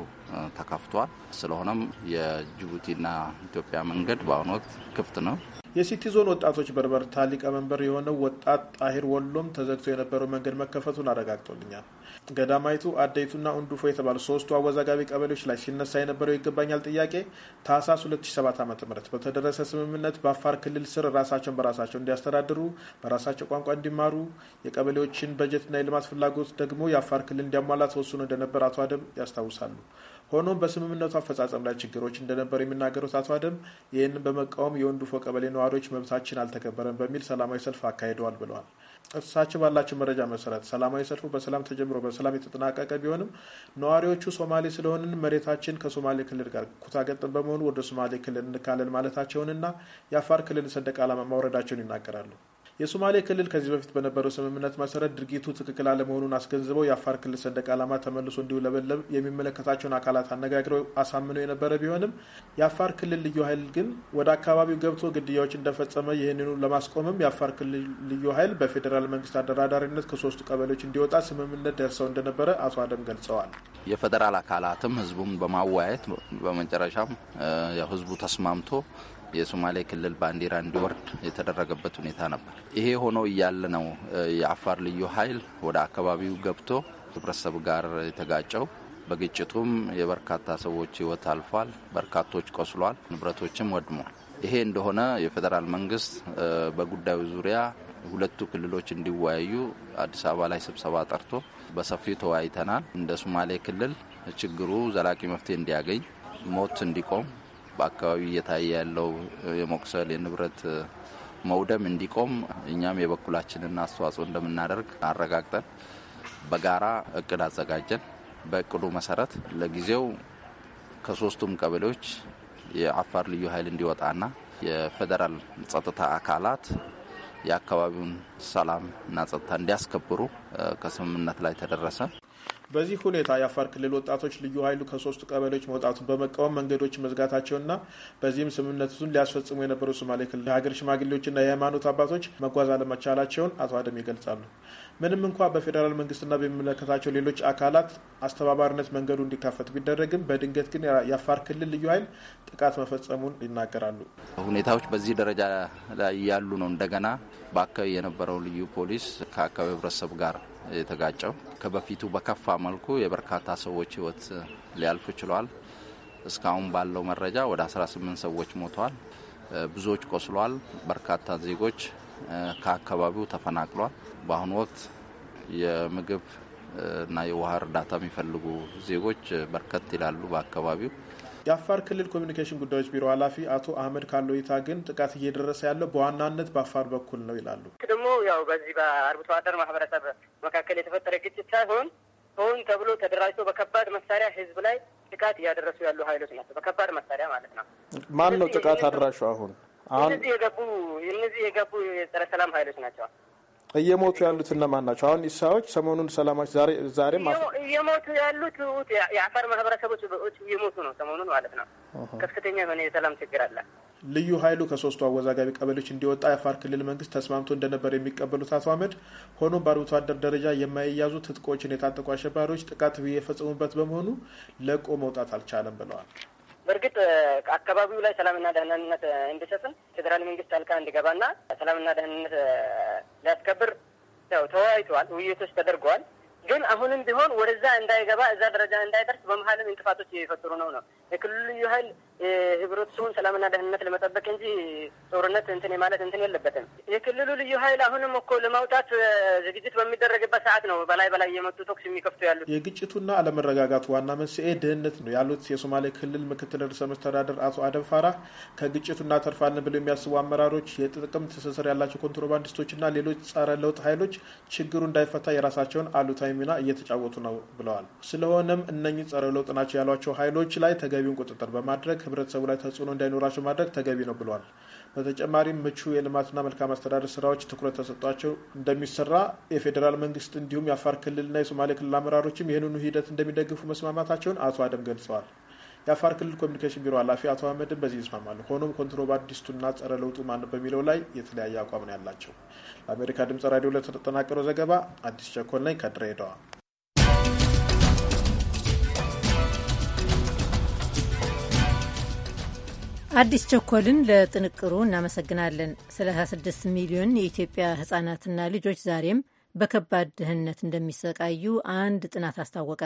ተከፍቷል። ስለሆነም የጅቡቲና ኢትዮጵያ መንገድ በአሁኑ ወቅት ክፍት ነው። የሲቲ ዞን ወጣቶች በርበርታ ሊቀመንበር የሆነው ወጣት ጣሂር ወሎም ተዘግቶ የነበረው መንገድ መከፈቱን አረጋግጦልኛል። ገዳማይቱ፣ አደይቱና እንዱፎ የተባሉ ሶስቱ አወዛጋቢ ቀበሌዎች ላይ ሲነሳ የነበረው ይገባኛል ጥያቄ ታህሳስ 2007 ዓ ም በተደረሰ ስምምነት በአፋር ክልል ስር ራሳቸውን በራሳቸው እንዲያስተዳድሩ፣ በራሳቸው ቋንቋ እንዲማሩ፣ የቀበሌዎችን በጀትና የልማት ፍላጎት ደግሞ የአፋር ክልል እንዲያሟላ ተወስኖ እንደነበር አቶ አደም ያስታውሳሉ። ሆኖም በስምምነቱ አፈጻጸም ላይ ችግሮች እንደነበሩ የሚናገሩት አቶ አደም ይህንን በመቃወም የወንዱ ፎቅ ቀበሌ ነዋሪዎች መብታችን አልተከበረም በሚል ሰላማዊ ሰልፍ አካሂደዋል ብለዋል። እሳቸው ባላቸው መረጃ መሰረት ሰላማዊ ሰልፉ በሰላም ተጀምሮ በሰላም የተጠናቀቀ ቢሆንም ነዋሪዎቹ ሶማሌ ስለሆንን መሬታችን ከሶማሌ ክልል ጋር ኩታገጥም በመሆኑ ወደ ሶማሌ ክልል እንካለን ማለታቸውንና የአፋር ክልል ሰንደቅ ዓላማ ማውረዳቸውን ይናገራሉ። የሶማሌ ክልል ከዚህ በፊት በነበረው ስምምነት መሰረት ድርጊቱ ትክክል አለመሆኑን አስገንዝበው የአፋር ክልል ሰንደቅ ዓላማ ተመልሶ እንዲውለበለብ የሚመለከታቸውን አካላት አነጋግረው አሳምነው የነበረ ቢሆንም የአፋር ክልል ልዩ ኃይል ግን ወደ አካባቢው ገብቶ ግድያዎች እንደፈጸመ፣ ይህንኑ ለማስቆምም የአፋር ክልል ልዩ ኃይል በፌዴራል መንግስት አደራዳሪነት ከሶስቱ ቀበሌዎች እንዲወጣ ስምምነት ደርሰው እንደነበረ አቶ አደም ገልጸዋል። የፌዴራል አካላትም ህዝቡን በማወያየት በመጨረሻም ህዝቡ ተስማምቶ የሶማሌ ክልል ባንዲራ እንዲወርድ የተደረገበት ሁኔታ ነበር። ይሄ ሆኖ እያለ ነው የአፋር ልዩ ኃይል ወደ አካባቢው ገብቶ ህብረተሰብ ጋር የተጋጨው። በግጭቱም የበርካታ ሰዎች ህይወት አልፏል። በርካቶች ቆስሏል። ንብረቶችም ወድሟል። ይሄ እንደሆነ የፌዴራል መንግስት በጉዳዩ ዙሪያ ሁለቱ ክልሎች እንዲወያዩ አዲስ አበባ ላይ ስብሰባ ጠርቶ በሰፊው ተወያይተናል። እንደ ሶማሌ ክልል ችግሩ ዘላቂ መፍትሄ እንዲያገኝ፣ ሞት እንዲቆም፣ በአካባቢ እየታየ ያለው የመቁሰል የንብረት መውደም እንዲቆም እኛም የበኩላችንን አስተዋጽኦ እንደምናደርግ አረጋግጠን በጋራ እቅድ አዘጋጀን። በእቅዱ መሰረት ለጊዜው ከሶስቱም ቀበሌዎች የአፋር ልዩ ኃይል እንዲወጣና የፌዴራል ጸጥታ አካላት የአካባቢውን ሰላም እና ጸጥታ እንዲያስከብሩ ከስምምነት ላይ ተደረሰ። በዚህ ሁኔታ የአፋር ክልል ወጣቶች ልዩ ኃይሉ ከሶስቱ ቀበሌዎች መውጣቱን በመቃወም መንገዶች መዝጋታቸውና በዚህም ስምምነቱን ሊያስፈጽሙ የነበሩ ሶማሌ ክልል የሀገር ሽማግሌዎችና የሃይማኖት አባቶች መጓዝ አለመቻላቸውን አቶ አደም ይገልጻሉ። ምንም እንኳ በፌዴራል መንግስትና በሚመለከታቸው ሌሎች አካላት አስተባባሪነት መንገዱ እንዲከፈት ቢደረግም በድንገት ግን የአፋር ክልል ልዩ ኃይል ጥቃት መፈጸሙን ይናገራሉ። ሁኔታዎች በዚህ ደረጃ ላይ ያሉ ነው። እንደገና በአካባቢ የነበረው ልዩ ፖሊስ ከአካባቢ ህብረተሰብ ጋር የተጋጨው ከበፊቱ በከፋ መልኩ የበርካታ ሰዎች ህይወት ሊያልፍ ችሏል። እስካሁን ባለው መረጃ ወደ 18 ሰዎች ሞተዋል፣ ብዙዎች ቆስሏል፣ በርካታ ዜጎች ከአካባቢው ተፈናቅሏል። በአሁኑ ወቅት የምግብ እና የውሃ እርዳታ የሚፈልጉ ዜጎች በርከት ይላሉ በአካባቢው። የአፋር ክልል ኮሚኒኬሽን ጉዳዮች ቢሮ ኃላፊ አቶ አህመድ ካሎይታ ግን ጥቃት እየደረሰ ያለው በዋናነት በአፋር በኩል ነው ይላሉ። ደግሞ ያው በዚህ በአርብቶ አደር ማህበረሰብ መካከል የተፈጠረ ግጭት ሳይሆን ሆን ተብሎ ተደራጅቶ በከባድ መሳሪያ ህዝብ ላይ ጥቃት እያደረሱ ያሉ ሀይሎች ናቸው። በከባድ መሳሪያ ማለት ነው። ማን ነው ጥቃት አድራሹ? አሁን እነዚህ የገቡ እነዚህ የገቡ የጸረ ሰላም ኃይሎች ናቸው። እየሞቱ ያሉት እነማን ናቸው? አሁን ኢሳዎች ሰሞኑን ሰላማች ዛሬ ዛሬ እየሞቱ ያሉት የአፋር ማህበረሰቦች እየሞቱ ነው ሰሞኑን ማለት ነው። ከፍተኛ የሆነ የሰላም ችግር አለ። ልዩ ኃይሉ ከሶስቱ አወዛጋቢ ቀበሌዎች እንዲወጣ የአፋር ክልል መንግስት ተስማምቶ እንደነበር የሚቀበሉት አቶ አህመድ፣ ሆኖም በአርብቶ አደር ደረጃ የማይያዙ ትጥቆችን የታጠቁ አሸባሪዎች ጥቃት የፈጸሙበት በመሆኑ ለቆ መውጣት አልቻለም ብለዋል። በእርግጥ አካባቢው ላይ ሰላምና ደህንነት እንዲሰፍን ፌዴራል መንግስት ጣልቃ እንዲገባና ሰላምና ደህንነት ሊያስከብር ተወያይተዋል። ውይይቶች ተደርገዋል። ግን አሁንም ቢሆን ወደዛ እንዳይገባ እዛ ደረጃ እንዳይደርስ በመሀልም እንቅፋቶች እየፈጠሩ ነው ነው የክልሉ ልዩ ኃይል ህብረተሰቡን ሰላምና ደህንነት ለመጠበቅ እንጂ ጦርነት እንትን ማለት እንትን የለበትም። የክልሉ ልዩ ኃይል አሁንም እኮ ለማውጣት ዝግጅት በሚደረግበት ሰዓት ነው በላይ በላይ እየመጡ ተኩስ የሚከፍቱ ያሉት። የግጭቱና አለመረጋጋቱ ዋና መንስኤ ድህነት ነው ያሉት የሶማሌ ክልል ምክትል ርዕሰ መስተዳደር አቶ አደም ፋራ ከግጭቱ እናተርፋለን ብለው የሚያስቡ አመራሮች፣ የጥቅም ትስስር ያላቸው ኮንትሮባንዲስቶችና ሌሎች ጸረ ለውጥ ኃይሎች ችግሩ እንዳይፈታ የራሳቸውን አሉታዊ ሚና እየተጫወቱ ነው ብለዋል። ስለሆነም እነኚህ ጸረ ለውጥ ናቸው ያሏቸው ኃይሎች ላይ ተገቢውን ቁጥጥር በማድረግ ህብረተሰቡ ላይ ተጽዕኖ እንዳይኖራቸው ማድረግ ተገቢ ነው ብለዋል። በተጨማሪም ምቹ የልማትና መልካም አስተዳደር ስራዎች ትኩረት ተሰጧቸው እንደሚሰራ የፌዴራል መንግስት እንዲሁም የአፋር ክልልና የሶማሌ ክልል አመራሮችም ይህንኑ ሂደት እንደሚደግፉ መስማማታቸውን አቶ አደም ገልጸዋል። የአፋር ክልል ኮሚኒኬሽን ቢሮ ኃላፊ አቶ አህመድን በዚህ ይስማማሉ። ሆኖም ኮንትሮባንዲስቱና ጸረ ለውጡ ማን በሚለው ላይ የተለያየ አቋም ነው ያላቸው። ለአሜሪካ ድምጽ ራዲዮ ለተጠናቀረው ዘገባ አዲስ ቸኮል ነኝ ከድሬዳዋ። አዲስ ቸኮልን ለጥንቅሩ እናመሰግናለን። 36 ሚሊዮን የኢትዮጵያ ህጻናትና ልጆች ዛሬም በከባድ ድህነት እንደሚሰቃዩ አንድ ጥናት አስታወቀ።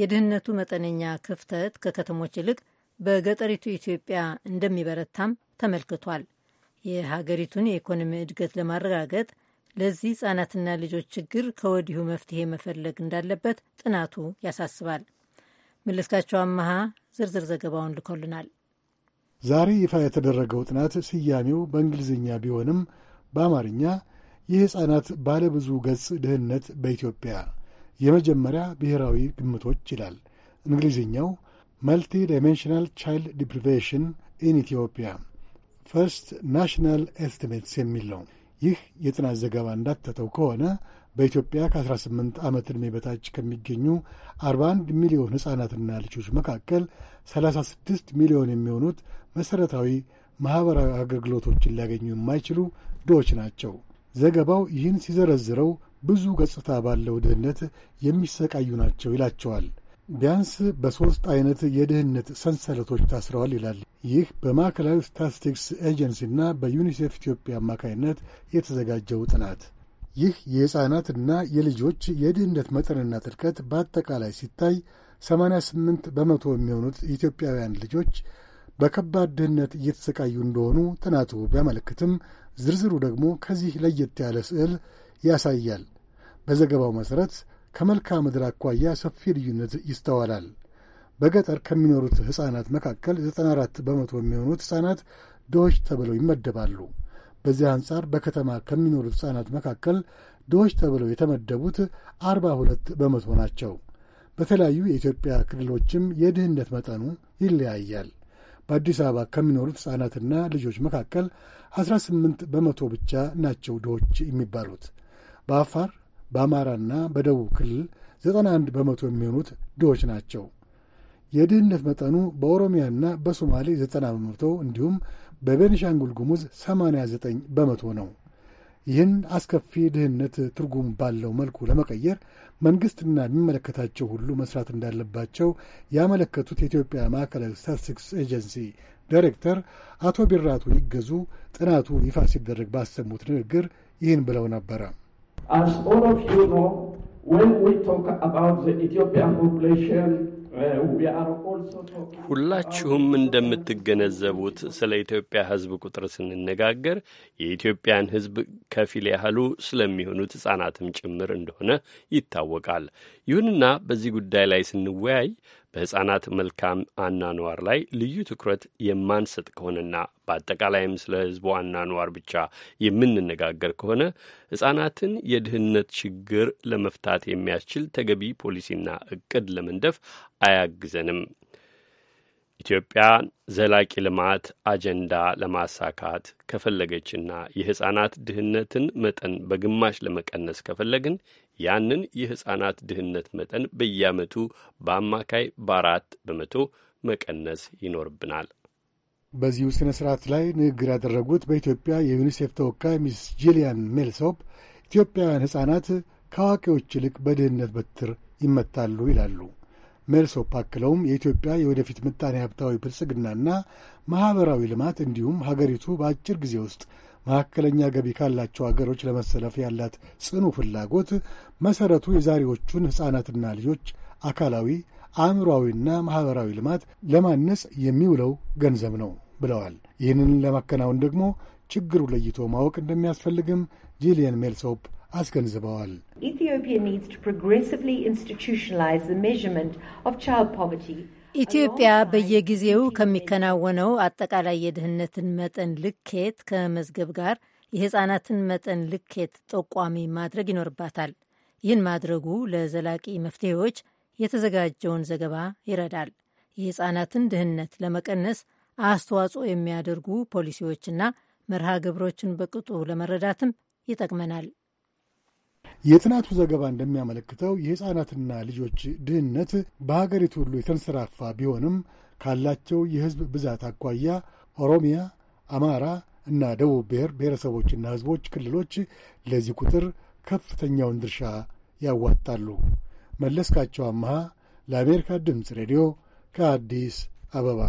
የድህነቱ መጠነኛ ክፍተት ከከተሞች ይልቅ በገጠሪቱ ኢትዮጵያ እንደሚበረታም ተመልክቷል። የሀገሪቱን የኢኮኖሚ እድገት ለማረጋገጥ ለዚህ ህጻናትና ልጆች ችግር ከወዲሁ መፍትሄ መፈለግ እንዳለበት ጥናቱ ያሳስባል። መለስካቸው አመሃ ዝርዝር ዘገባውን ልኮልናል። ዛሬ ይፋ የተደረገው ጥናት ስያሜው በእንግሊዝኛ ቢሆንም በአማርኛ የሕፃናት ባለብዙ ገጽ ድህነት በኢትዮጵያ የመጀመሪያ ብሔራዊ ግምቶች ይላል እንግሊዝኛው መልቲ ዳይሜንሽናል ቻይልድ ዲፕሪቬሽን ኢን ኢትዮጵያ ፈርስት ናሽናል ኤስቲሜትስ የሚል ነው። ይህ የጥናት ዘገባ እንዳተተው ከሆነ በኢትዮጵያ ከ18 ዓመት ዕድሜ በታች ከሚገኙ 41 ሚሊዮን ሕፃናትና ልጆች መካከል 36 ሚሊዮን የሚሆኑት መሠረታዊ ማኅበራዊ አገልግሎቶችን ሊያገኙ የማይችሉ ድሆች ናቸው። ዘገባው ይህን ሲዘረዝረው ብዙ ገጽታ ባለው ድህነት የሚሰቃዩ ናቸው ይላቸዋል። ቢያንስ በሦስት አይነት የድህነት ሰንሰለቶች ታስረዋል ይላል። ይህ በማዕከላዊ ስታቲስቲክስ ኤጀንሲና በዩኒሴፍ ኢትዮጵያ አማካይነት የተዘጋጀው ጥናት ይህ የሕፃናትና የልጆች የድህነት መጠንና ጥልቀት በአጠቃላይ ሲታይ 88 በመቶ የሚሆኑት ኢትዮጵያውያን ልጆች በከባድ ድህነት እየተሰቃዩ እንደሆኑ ጥናቱ ቢያመለክትም ዝርዝሩ ደግሞ ከዚህ ለየት ያለ ስዕል ያሳያል። በዘገባው መሠረት ከመልክዓ ምድር አኳያ ሰፊ ልዩነት ይስተዋላል። በገጠር ከሚኖሩት ሕፃናት መካከል 94 በመቶ የሚሆኑት ሕፃናት ድሆች ተብለው ይመደባሉ። በዚህ አንጻር በከተማ ከሚኖሩት ሕፃናት መካከል ድሆች ተብለው የተመደቡት 42 በመቶ ናቸው። በተለያዩ የኢትዮጵያ ክልሎችም የድህነት መጠኑ ይለያያል። በአዲስ አበባ ከሚኖሩት ሕፃናትና ልጆች መካከል 18 በመቶ ብቻ ናቸው ድሆች የሚባሉት። በአፋር በአማራና በደቡብ ክልል 91 በመቶ የሚሆኑት ድሆች ናቸው። የድህነት መጠኑ በኦሮሚያና በሶማሌ 90 በመቶ እንዲሁም በቤንሻንጉል ጉሙዝ 89 በመቶ ነው። ይህን አስከፊ ድህነት ትርጉም ባለው መልኩ ለመቀየር መንግሥትና የሚመለከታቸው ሁሉ መስራት እንዳለባቸው ያመለከቱት የኢትዮጵያ ማዕከላዊ ስታትስቲክስ ኤጀንሲ ዳይሬክተር አቶ ቢራቱ ይገዙ ጥናቱ ይፋ ሲደረግ ባሰሙት ንግግር ይህን ብለው ነበረ። As all of you know, when we talk about the Ethiopian population, uh, ሁላችሁም እንደምትገነዘቡት ስለ ኢትዮጵያ ሕዝብ ቁጥር ስንነጋገር የኢትዮጵያን ሕዝብ ከፊል ያህሉ ስለሚሆኑት ሕጻናትም ጭምር እንደሆነ ይታወቃል። ይሁንና በዚህ ጉዳይ ላይ ስንወያይ በሕፃናት መልካም አናኗር ላይ ልዩ ትኩረት የማንሰጥ ከሆነና በአጠቃላይም ስለ ሕዝቡ አናኗር ብቻ የምንነጋገር ከሆነ ሕፃናትን የድህነት ችግር ለመፍታት የሚያስችል ተገቢ ፖሊሲና እቅድ ለመንደፍ አያግዘንም። ኢትዮጵያ ዘላቂ ልማት አጀንዳ ለማሳካት ከፈለገችና የሕፃናት ድህነትን መጠን በግማሽ ለመቀነስ ከፈለግን ያንን የሕፃናት ድህነት መጠን በየዓመቱ በአማካይ በአራት በመቶ መቀነስ ይኖርብናል። በዚሁ ሥነ ሥርዓት ላይ ንግግር ያደረጉት በኢትዮጵያ የዩኒሴፍ ተወካይ ሚስ ጂሊያን ሜልሶፕ ኢትዮጵያውያን ሕፃናት ከአዋቂዎች ይልቅ በድህነት በትር ይመታሉ ይላሉ። ሜልሶፕ አክለውም የኢትዮጵያ የወደፊት ምጣኔ ሀብታዊ ብልጽግናና ማኅበራዊ ልማት እንዲሁም ሀገሪቱ በአጭር ጊዜ ውስጥ መካከለኛ ገቢ ካላቸው አገሮች ለመሰለፍ ያላት ጽኑ ፍላጎት መሠረቱ የዛሬዎቹን ሕፃናትና ልጆች አካላዊ አእምሮአዊና ማኅበራዊ ልማት ለማነጽ የሚውለው ገንዘብ ነው ብለዋል። ይህንን ለማከናወን ደግሞ ችግሩ ለይቶ ማወቅ እንደሚያስፈልግም ጂሊየን ሜልሶፕ አስገንዝበዋል። ኢትዮጵያ ኢትዮጵያ በየጊዜው ከሚከናወነው አጠቃላይ የድህነትን መጠን ልኬት ከመዝገብ ጋር የህፃናትን መጠን ልኬት ጠቋሚ ማድረግ ይኖርባታል። ይህን ማድረጉ ለዘላቂ መፍትሄዎች የተዘጋጀውን ዘገባ ይረዳል። የህፃናትን ድህነት ለመቀነስ አስተዋጽኦ የሚያደርጉ ፖሊሲዎችና መርሃ ግብሮችን በቅጡ ለመረዳትም ይጠቅመናል። የጥናቱ ዘገባ እንደሚያመለክተው የሕፃናትና ልጆች ድህነት በሀገሪቱ ሁሉ የተንሰራፋ ቢሆንም ካላቸው የሕዝብ ብዛት አኳያ ኦሮሚያ፣ አማራ እና ደቡብ ብሔር ብሔረሰቦችና ሕዝቦች ክልሎች ለዚህ ቁጥር ከፍተኛውን ድርሻ ያዋጣሉ። መለስካቸው አመሃ ለአሜሪካ ድምፅ ሬዲዮ ከአዲስ አበባ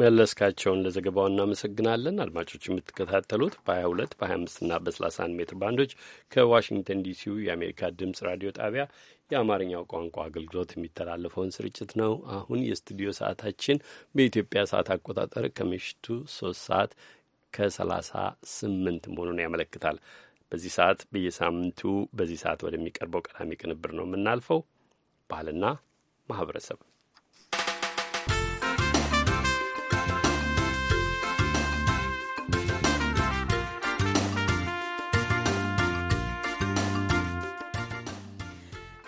መለስካቸውን ለዘገባው እናመሰግናለን። አድማጮች የምትከታተሉት በ22 በ25ና በ31 ሜትር ባንዶች ከዋሽንግተን ዲሲው የአሜሪካ ድምፅ ራዲዮ ጣቢያ የአማርኛው ቋንቋ አገልግሎት የሚተላለፈውን ስርጭት ነው። አሁን የስቱዲዮ ሰዓታችን በኢትዮጵያ ሰዓት አቆጣጠር ከምሽቱ 3 ሰዓት ከ38 መሆኑን ያመለክታል። በዚህ ሰዓት በየሳምንቱ በዚህ ሰዓት ወደሚቀርበው ቀዳሚ ቅንብር ነው የምናልፈው። ባህልና ማህበረሰብ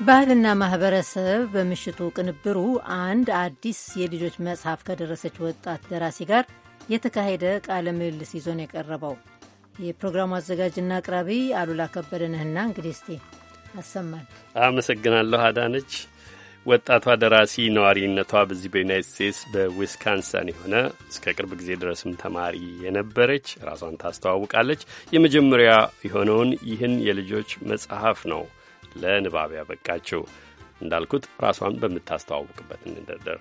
ባህልና ማህበረሰብ በምሽቱ ቅንብሩ አንድ አዲስ የልጆች መጽሐፍ ከደረሰች ወጣት ደራሲ ጋር የተካሄደ ቃለ ምልልስ ይዞን የቀረበው። የፕሮግራሙ አዘጋጅና አቅራቢ አሉላ ከበደ ነህና እንግዲህ እስቲ አሰማል። አመሰግናለሁ አዳነች። ወጣቷ ደራሲ ነዋሪነቷ በዚህ በዩናይት ስቴትስ በዊስካንሰን የሆነ እስከ ቅርብ ጊዜ ድረስም ተማሪ የነበረች ራሷን ታስተዋውቃለች። የመጀመሪያ የሆነውን ይህን የልጆች መጽሐፍ ነው ለንባብ ያበቃችው። እንዳልኩት ራሷን በምታስተዋውቅበት እንደርደር።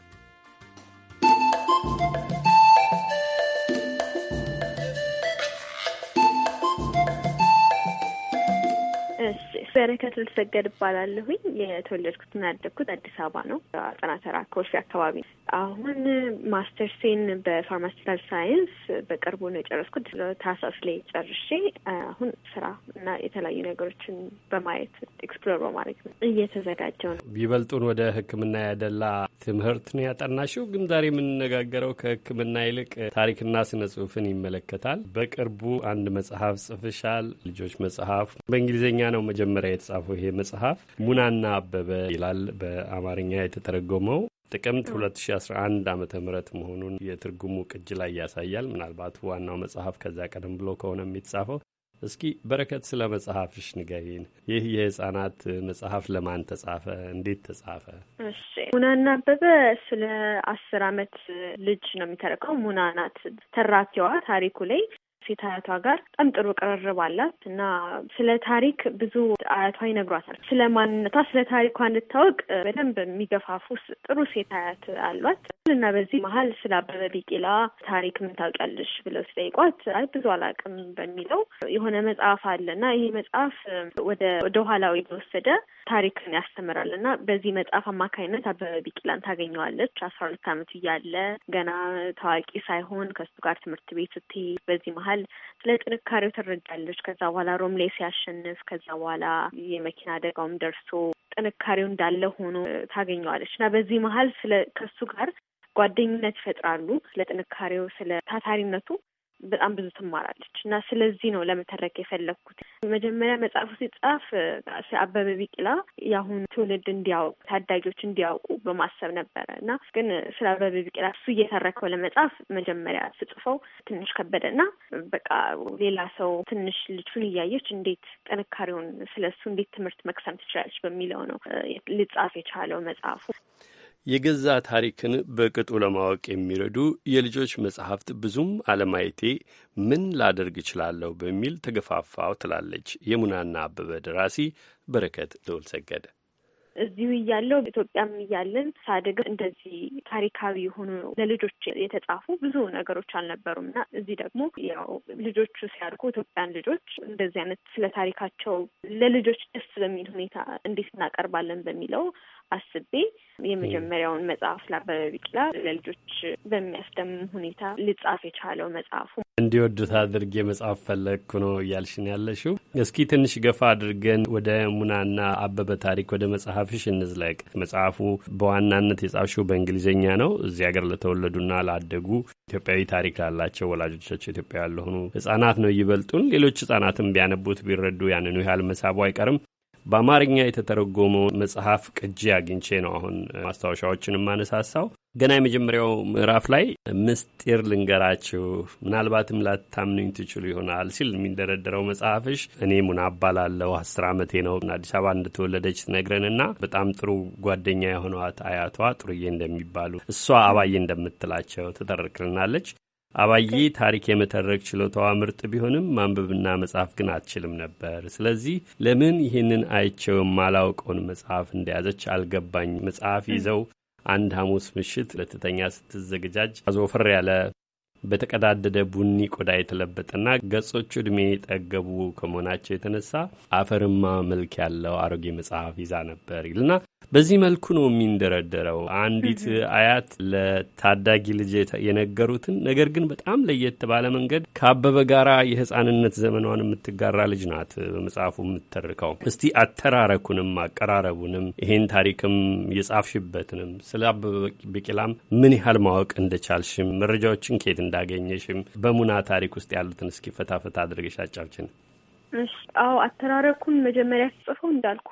በረከት ልትሰገድ እባላለሁኝ። የተወለድኩትና ያደግኩት አዲስ አበባ ነው፣ አጠና ተራ ኮልፌ አካባቢ። አሁን ማስተርሴን በፋርማሲካል ሳይንስ በቅርቡ ነው የጨረስኩት። ታህሳስ ላይ ጨርሼ አሁን ስራ እና የተለያዩ ነገሮችን በማየት ኤክስፕሎር በማድረግ ነው እየተዘጋጀው ነው። ይበልጡን ወደ ሕክምና ያደላ ትምህርት ነው ያጠናሽው። ግን ዛሬ የምንነጋገረው ከሕክምና ይልቅ ታሪክና ስነ ጽሁፍን ይመለከታል። በቅርቡ አንድ መጽሐፍ ጽፍሻል፣ ልጆች መጽሐፍ በእንግሊዝኛ ነው መጀመሪያ መጀመሪያ የተጻፈው ይሄ መጽሐፍ ሙናና አበበ ይላል በአማርኛ የተተረጎመው። ጥቅምት 2011 ዓ ም መሆኑን የትርጉሙ ቅጅ ላይ ያሳያል። ምናልባት ዋናው መጽሐፍ ከዚያ ቀደም ብሎ ከሆነ የሚጻፈው። እስኪ በረከት ስለ መጽሐፍሽ ንገሪን። ይህ የህጻናት መጽሐፍ ለማን ተጻፈ? እንዴት ተጻፈ? እሺ ሙናና አበበ ስለ አስር አመት ልጅ ነው የሚተረከው። ሙናናት ተራኪዋ ታሪኩ ላይ ሴት አያቷ ጋር በጣም ጥሩ ቅርርብ አላት እና ስለ ታሪክ ብዙ አያቷ ይነግሯታል። ስለ ማንነቷ፣ ስለ ታሪኳ እንድታወቅ በደንብ የሚገፋፉ ጥሩ ሴት አያት አሏት እና በዚህ መሀል ስለ አበበ ቢቂላ ታሪክ ምን ታውቂያለሽ ብለው ሲጠይቋት አይ ብዙ አላውቅም በሚለው የሆነ መጽሐፍ አለ እና ይሄ መጽሐፍ ወደ ወደ ኋላው የተወሰደ ታሪክን ያስተምራል እና በዚህ መጽሐፍ አማካኝነት አበበ ቢቂላን ታገኘዋለች። አስራ ሁለት ዓመት እያለ ገና ታዋቂ ሳይሆን ከእሱ ጋር ትምህርት ቤት ስትሄድ በዚህ መሀል ያህል ስለ ጥንካሬው ትረዳለች። ከዛ በኋላ ሮምሌ ሲያሸንፍ ከዛ በኋላ የመኪና አደጋውም ደርሶ ጥንካሬው እንዳለ ሆኖ ታገኘዋለች እና በዚህ መሀል ስለ ከሱ ጋር ጓደኝነት ይፈጥራሉ። ስለ ጥንካሬው፣ ስለ ታታሪነቱ በጣም ብዙ ትማራለች እና ስለዚህ ነው ለመተረክ የፈለግኩት። መጀመሪያ መጽሐፉ ሲጻፍ አበበ ቢቂላ የአሁኑ ትውልድ እንዲያውቁ ታዳጊዎች እንዲያውቁ በማሰብ ነበረ እና ግን ስለ አበበ ቢቂላ እሱ እየተረከው ለመጽሐፍ መጀመሪያ ስጽፈው ትንሽ ከበደ እና በቃ ሌላ ሰው ትንሽ ልጁን እያየች እንዴት ጥንካሬውን ስለ እሱ እንዴት ትምህርት መቅሰም ትችላለች በሚለው ነው ልጻፍ የቻለው መጽሐፉ። የገዛ ታሪክን በቅጡ ለማወቅ የሚረዱ የልጆች መጽሐፍት ብዙም አለማየቴ ምን ላደርግ እችላለሁ በሚል ተገፋፋው ትላለች የሙናና አበበ ደራሲ በረከት ልዑል ሰገደ። እዚሁ እያለው ኢትዮጵያም እያለን ሳድግ እንደዚህ ታሪካዊ የሆኑ ለልጆች የተጻፉ ብዙ ነገሮች አልነበሩም እና እዚህ ደግሞ ያው ልጆቹ ሲያድጉ ኢትዮጵያን ልጆች እንደዚህ አይነት ስለ ታሪካቸው ለልጆች ደስ በሚል ሁኔታ እንዴት እናቀርባለን በሚለው አስቤ የመጀመሪያውን መጽሐፍ ለአበበ ቢቂላ ለልጆች በሚያስደምም ሁኔታ ልጻፍ የቻለው መጽሐፉ እንዲወዱት አድርጌ መጽሐፍ ፈለግኩ ነው እያልሽን ያለሽው። እስኪ ትንሽ ገፋ አድርገን ወደ ሙናና አበበ ታሪክ ወደ መጽሐፍሽ እንዝለቅ። መጽሐፉ በዋናነት የጻፍሽው በእንግሊዝኛ ነው። እዚህ ሀገር ለተወለዱና ላደጉ ኢትዮጵያዊ ታሪክ ላላቸው ወላጆቻቸው ኢትዮጵያ ያለሆኑ ህጻናት ነው ይበልጡን። ሌሎች ህጻናትም ቢያነቡት ቢረዱ ያንኑ ያህል መሳቡ አይቀርም። በአማርኛ የተተረጎመው መጽሐፍ ቅጂ አግኝቼ ነው አሁን ማስታወሻዎችን የማነሳሳው። ገና የመጀመሪያው ምዕራፍ ላይ ምስጢር ልንገራችሁ፣ ምናልባትም ላታምኑኝ ትችሉ ይሆናል ሲል የሚንደረደረው መጽሐፍሽ እኔ ሙናባ ላለሁ አስር ዓመቴ ነው አዲስ አበባ እንደተወለደች ትነግረንና በጣም ጥሩ ጓደኛ የሆነዋት አያቷ ጥሩዬ እንደሚባሉ እሷ አባዬ እንደምትላቸው ትጠርክልናለች። አባዬ ታሪክ የመተረክ ችሎታዋ ምርጥ ቢሆንም ማንበብና መጻፍ ግን አትችልም ነበር። ስለዚህ ለምን ይህንን አይቸው የማላውቀውን መጽሐፍ እንደያዘች አልገባኝ። መጽሐፍ ይዘው አንድ ሐሙስ ምሽት ለትተኛ ስትዘገጃጅ አዞፈር ያለ በተቀዳደደ ቡኒ ቆዳ የተለበጠና ገጾቹ ዕድሜ የጠገቡ ከመሆናቸው የተነሳ አፈርማ መልክ ያለው አሮጌ መጽሐፍ ይዛ ነበር ይልና በዚህ መልኩ ነው የሚንደረደረው። አንዲት አያት ለታዳጊ ልጅ የነገሩትን ነገር ግን በጣም ለየት ባለ መንገድ ከአበበ ጋራ የሕፃንነት ዘመኗን የምትጋራ ልጅ ናት በመጽሐፉ የምትተርከው። እስቲ አተራረኩንም አቀራረቡንም ይሄን ታሪክም የጻፍሽበትንም ስለ አበበ ቢቂላም ምን ያህል ማወቅ እንደቻልሽም መረጃዎችን ከየት እንዳገኘሽም በሙና ታሪክ ውስጥ ያሉትን እስኪ ፈታፈታ አድርገሽ አጫውችን። አዎ አተራረኩን መጀመሪያ ስጽፈው እንዳልኩ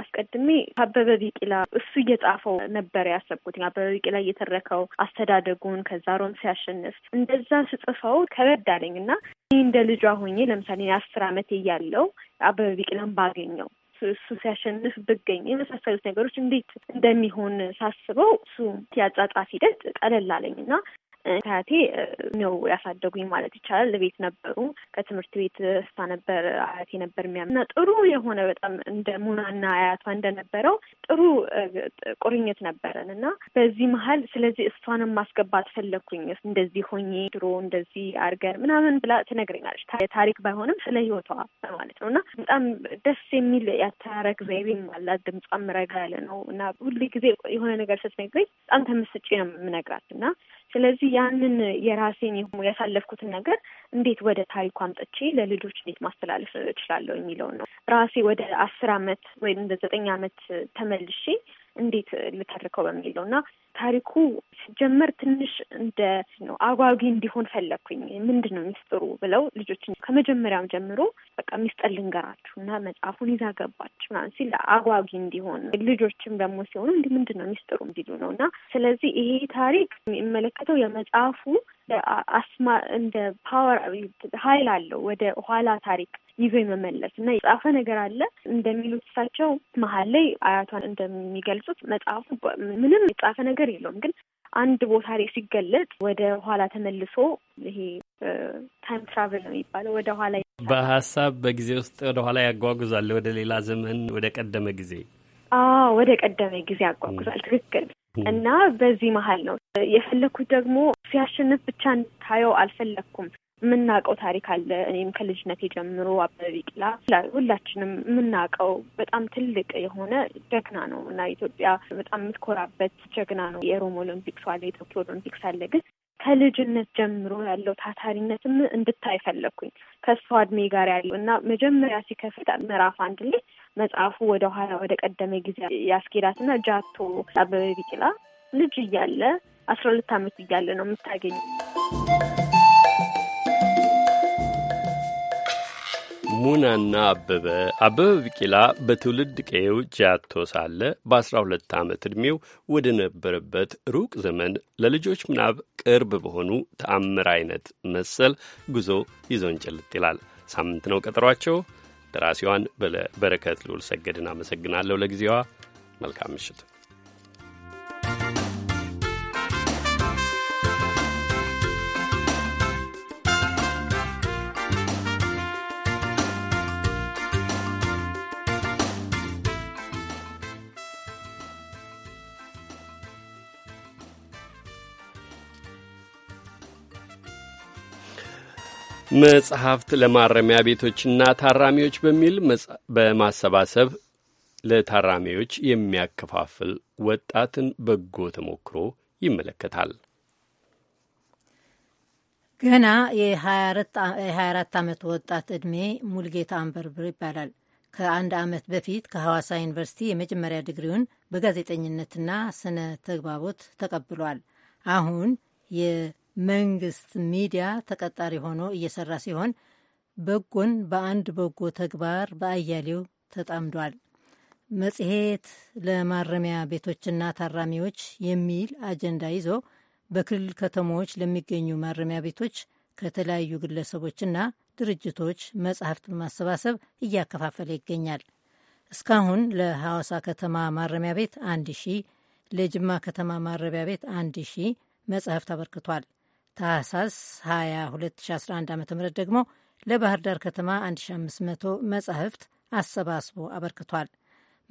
አስቀድሜ አበበ ቢቂላ እሱ እየጻፈው ነበር ያሰብኩት። አበበ ቢቂላ እየተረከው አስተዳደጉን፣ ከዛ ሮም ሲያሸንፍ እንደዛ ስጽፈው ከበድ አለኝ እና እኔ እንደ ልጇ ሆኜ ለምሳሌ አስር አመቴ እያለሁ አበበ ቢቂላን ባገኘው እሱ ሲያሸንፍ ብገኝ የመሳሰሉት ነገሮች እንዴት እንደሚሆን ሳስበው እሱ ያጻጻፍ ሂደት ቀለል አለኝ እና አያቴ ነው ያሳደጉኝ ማለት ይቻላል። ቤት ነበሩ። ከትምህርት ቤት እሷ ነበር አያቴ ነበር የሚያምና ጥሩ የሆነ በጣም እንደ ሙናና አያቷ እንደነበረው ጥሩ ቁርኝት ነበረን እና በዚህ መሀል ስለዚህ እሷንም ማስገባት ፈለግኩኝ። እንደዚህ ሆኜ ድሮ እንደዚህ አድርገን ምናምን ብላ ትነግረኛለች። ታሪክ ባይሆንም ስለ ህይወቷ ማለት ነው እና በጣም ደስ የሚል ያተራረክ ዘይቤም አላት። ድምጿም ረጋ ያለ ነው እና ሁሉ ጊዜ የሆነ ነገር ስትነግረኝ በጣም ተመስጬ ነው የምነግራት እና ስለዚህ ያንን የራሴን ያሳለፍኩትን ነገር እንዴት ወደ ታሪኩ አምጥቼ ለልጆች እንዴት ማስተላለፍ እችላለሁ የሚለውን ነው። ራሴ ወደ አስር አመት ወይም ወደ ዘጠኝ አመት ተመልሼ እንዴት ልተርከው በሚለው እና ታሪኩ ሲጀመር ትንሽ እንደ ነው አጓጊ እንዲሆን ፈለግኩኝ። ምንድን ነው ሚስጥሩ ብለው ልጆች ከመጀመሪያም ጀምሮ በቃ ሚስጥር ልንገራችሁ እና መጽሐፉን ይዛ ገባች ምናምን ሲል አጓጊ እንዲሆን ልጆችም ደግሞ ሲሆኑ እንዲህ ምንድን ነው ሚስጥሩ እንዲሉ ነው እና ስለዚህ ይሄ ታሪክ የሚመለከተው የመጽሐፉ አስማ እንደ ፓወር ሀይል አለው ወደ ኋላ ታሪክ ይዞ የመመለስ እና የጻፈ ነገር አለ እንደሚሉት እሳቸው መሀል ላይ አያቷን እንደሚገልጹት መጽሐፉ ምንም የጻፈ ነገር የለውም ግን አንድ ቦታ ላይ ሲገለጽ ወደ ኋላ ተመልሶ ይሄ ታይም ትራቨል ነው የሚባለው። ወደ ኋላ በሀሳብ በጊዜ ውስጥ ወደ ኋላ ያጓጉዛል፣ ወደ ሌላ ዘመን፣ ወደ ቀደመ ጊዜ ወደ ቀደመ ጊዜ ያጓጉዛል። ትክክል። እና በዚህ መሀል ነው የፈለግኩት ደግሞ ሲያሸንፍ ብቻ ታየው አልፈለግኩም። የምናውቀው ታሪክ አለ። እኔም ከልጅነቴ ጀምሮ አበበ ቢቂላ ሁላችንም የምናውቀው በጣም ትልቅ የሆነ ጀግና ነው እና ኢትዮጵያ በጣም የምትኮራበት ጀግና ነው። የሮም ኦሎምፒክስ አለ፣ የቶኪዮ ኦሎምፒክስ አለ። ግን ከልጅነት ጀምሮ ያለው ታታሪነትም እንድታይ ፈለግኩኝ ከእሷ እድሜ ጋር ያለው እና መጀመሪያ ሲከፍት ምዕራፍ አንድ ላይ መጽሐፉ ኋላ ወደ ቀደመ ጊዜ ያስኬዳትና ጃቶ አበበ ቢቂላ ልጅ እያለ አስራ ሁለት ዓመት እያለ ነው የምታገኝ። ሙናና አበበ አበበ ቢቂላ በትውልድ ቀዬው ጃቶ ሳለ በአስራ ሁለት ዓመት ዕድሜው ወደ ነበረበት ሩቅ ዘመን ለልጆች ምናብ ቅርብ በሆኑ ተአምር አይነት መሰል ጉዞ ይዞ እንጭልጥ ይላል። ሳምንት ነው ቀጠሯቸው። ደራሲዋን በረከት ልዑል ሰገድን አመሰግናለሁ ለጊዜዋ። መልካም ምሽት። መጽሐፍት ለማረሚያ ቤቶችና ታራሚዎች በሚል በማሰባሰብ ለታራሚዎች የሚያከፋፍል ወጣትን በጎ ተሞክሮ ይመለከታል። ገና የ24 ዓመት ወጣት ዕድሜ ሙልጌታ አንበርብር ይባላል። ከአንድ ዓመት በፊት ከሐዋሳ ዩኒቨርሲቲ የመጀመሪያ ድግሪውን በጋዜጠኝነትና ስነ ተግባቦት ተቀብሏል። አሁን መንግስት ሚዲያ ተቀጣሪ ሆኖ እየሰራ ሲሆን በጎን በአንድ በጎ ተግባር በአያሌው ተጣምዷል። መጽሔት ለማረሚያ ቤቶችና ታራሚዎች የሚል አጀንዳ ይዞ በክልል ከተሞች ለሚገኙ ማረሚያ ቤቶች ከተለያዩ ግለሰቦችና ድርጅቶች መጽሐፍት በማሰባሰብ እያከፋፈለ ይገኛል። እስካሁን ለሐዋሳ ከተማ ማረሚያ ቤት አንድ ሺህ ለጅማ ከተማ ማረሚያ ቤት አንድ ሺህ መጽሐፍት አበርክቷል። ታህሳስ 20 2011 ዓ ም ደግሞ ለባህር ዳር ከተማ 1500 መጻሕፍት አሰባስቦ አበርክቷል።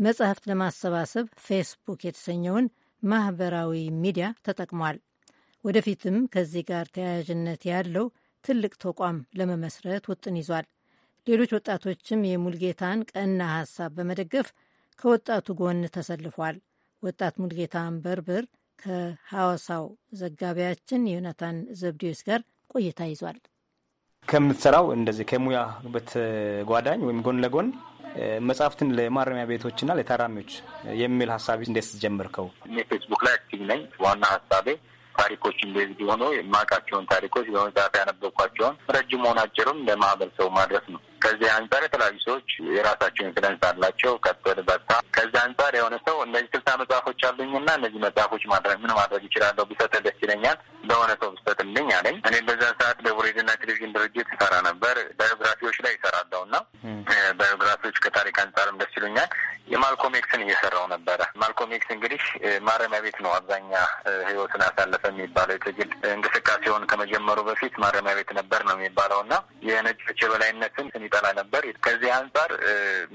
መጻሕፍት ለማሰባሰብ ፌስቡክ የተሰኘውን ማኅበራዊ ሚዲያ ተጠቅሟል። ወደፊትም ከዚህ ጋር ተያያዥነት ያለው ትልቅ ተቋም ለመመስረት ውጥን ይዟል። ሌሎች ወጣቶችም የሙልጌታን ቀና ሐሳብ በመደገፍ ከወጣቱ ጎን ተሰልፏል። ወጣት ሙልጌታ በርብር። ከሐዋሳው ዘጋቢያችን ዮናታን ዘብዲዮስ ጋር ቆይታ ይዟል። ከምትሰራው እንደዚህ ከሙያ በተጓዳኝ ወይም ጎን ለጎን መጽሐፍትን ለማረሚያ ቤቶችና ለታራሚዎች የሚል ሀሳብ እንዴት ጀመርከው? እኔ ፌስቡክ ላይ አክቲቭ ነኝ። ዋና ሀሳቤ ታሪኮች እንደዚህ ሆኖ የማውቃቸውን ታሪኮች በመጽሐፍ ያነበብኳቸውን ረጅም ሆነ አጭርም ለማህበረሰቡ ማድረስ ነው። ከዚህ አንጻር የተለያዩ ሰዎች የራሳቸው ኢንፍሉዌንስ አላቸው። ቀጥል በርታ ከዚህ አንጻር የሆነ ሰው እነዚህ ስልሳ መጽሐፎች እና እነዚህ መጽሐፎች ማድረግ ምን ማድረግ ይችላለሁ ብሰጥህ ደስ ይለኛል፣ ለሆነ ሰው ብሰጥልኝ አለኝ። እኔ በዛ ሰዓት በሬዲዮና ቴሌቪዥን ድርጅት ይሰራ ነበር። ባዮግራፊዎች ላይ ይሰራለሁ እና ባዮግራፊዎች ከታሪክ አንጻርም ደስ ይሉኛል። የማልኮም ኤክስን እየሰራው ነበረ። ማልኮም ኤክስ እንግዲህ ማረሚያ ቤት ነው አብዛኛ ህይወትን አሳለፈ የሚባለው የትግል እንቅስቃሴውን ከመጀመሩ በፊት ማረሚያ ቤት ነበር ነው የሚባለው እና የነጮች የበላይነትን ይጠና ነበር። ከዚህ አንጻር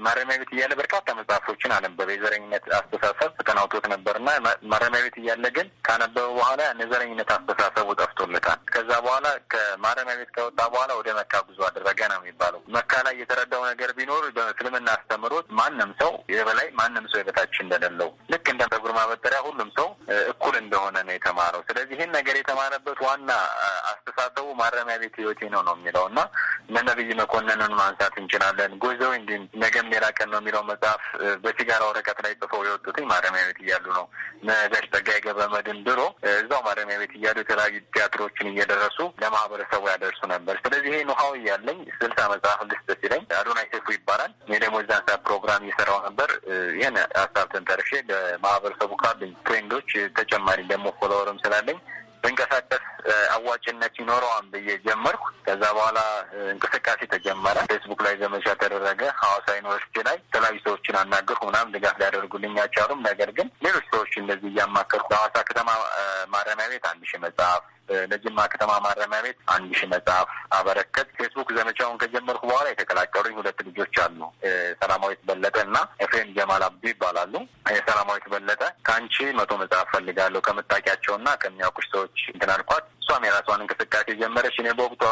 ማረሚያ ቤት እያለ በርካታ መጽሐፎችን አነበበ። የዘረኝነት አስተሳሰብ ተከናውቶት ነበርና ማረሚያ ቤት እያለ ግን ካነበበ በኋላ የዘረኝነት አስተሳሰቡ ጠፍቶለታል። ከዛ በኋላ ከማረሚያ ቤት ከወጣ በኋላ ወደ መካ ጉዞ አደረገ ነው የሚባለው። መካ ላይ የተረዳው ነገር ቢኖር በእስልምና አስተምሮት ማንም ሰው የበላይ ማንም ሰው የበታች እንደሌለው ልክ እንደ ጸጉር መጠሪያ ሁሉም ሰው እኩል እንደሆነ ነው የተማረው። ስለዚህ ይህን ነገር የተማረበት ዋና አስተሳሰቡ ማረሚያ ቤት ህይወቴ ነው ነው የሚለው እና እነ ነብይ መኮንንን ማንሳት እንችላለን። ጎይዘው እንዲም ነገም ሌላ ቀን ነው የሚለው መጽሐፍ በሲጋራ ወረቀት ላይ ጽፈው የወጡትኝ ማረሚያ ቤት እያሉ ነው። ነጋሽ ጸጋዬ ገብረመድኅን ድሮ እዛው ማረሚያ ቤት እያሉ የተለያዩ ቲያትሮችን እየደረሱ ለማህበረሰቡ ያደርሱ ነበር። ስለዚህ ይሄ ውሀው እያለኝ ስልሳ መጽሐፍ ልስጥ ሲለኝ አዶናይ ሴፉ ይባላል እኔ ደግሞ እዛን ሰዓት ፕሮግራም እየሰራው ነበር። ይህን ሀሳብ ተንተርሼ ለማህበረሰቡ ካለኝ ፍሬንዶች ተጨ በተጨማሪ ደግሞ ፎሎወርም ስላለኝ ብንቀሳቀስ አዋጭነት ይኖረዋን ብዬ ጀመርኩ። ከዛ በኋላ እንቅስቃሴ ተጀመረ። ፌስቡክ ላይ ዘመቻ ተደረገ። ሐዋሳ ዩኒቨርሲቲ ላይ የተለያዩ ሰዎችን አናገርኩ። ምናምን ድጋፍ ሊያደርጉልኝ አልቻሉም። ነገር ግን ሌሎች ሰዎች እንደዚህ እያማከርኩ ለሐዋሳ ከተማ ማረሚያ ቤት አንድ ሺህ መጽሐፍ ለጅማ ከተማ ማረሚያ ቤት አንድ ሺህ መጽሐፍ አበረከት። ፌስቡክ ዘመቻውን ከጀመርኩ በኋላ የተቀላቀሉኝ ሁለት ልጆች አሉ። ሰላማዊት በለጠ እና ኤፍሬም ጀማል አብዱ ይባላሉ። ሰላማዊት በለጠ ከአንቺ መቶ መጽሐፍ ፈልጋለሁ ከምታውቂያቸው እና ከሚያውቁሽ ሰዎች እንትን አልኳት። እሷም የራሷን እንቅስቃሴ ጀመረች። እኔ በወቅቱ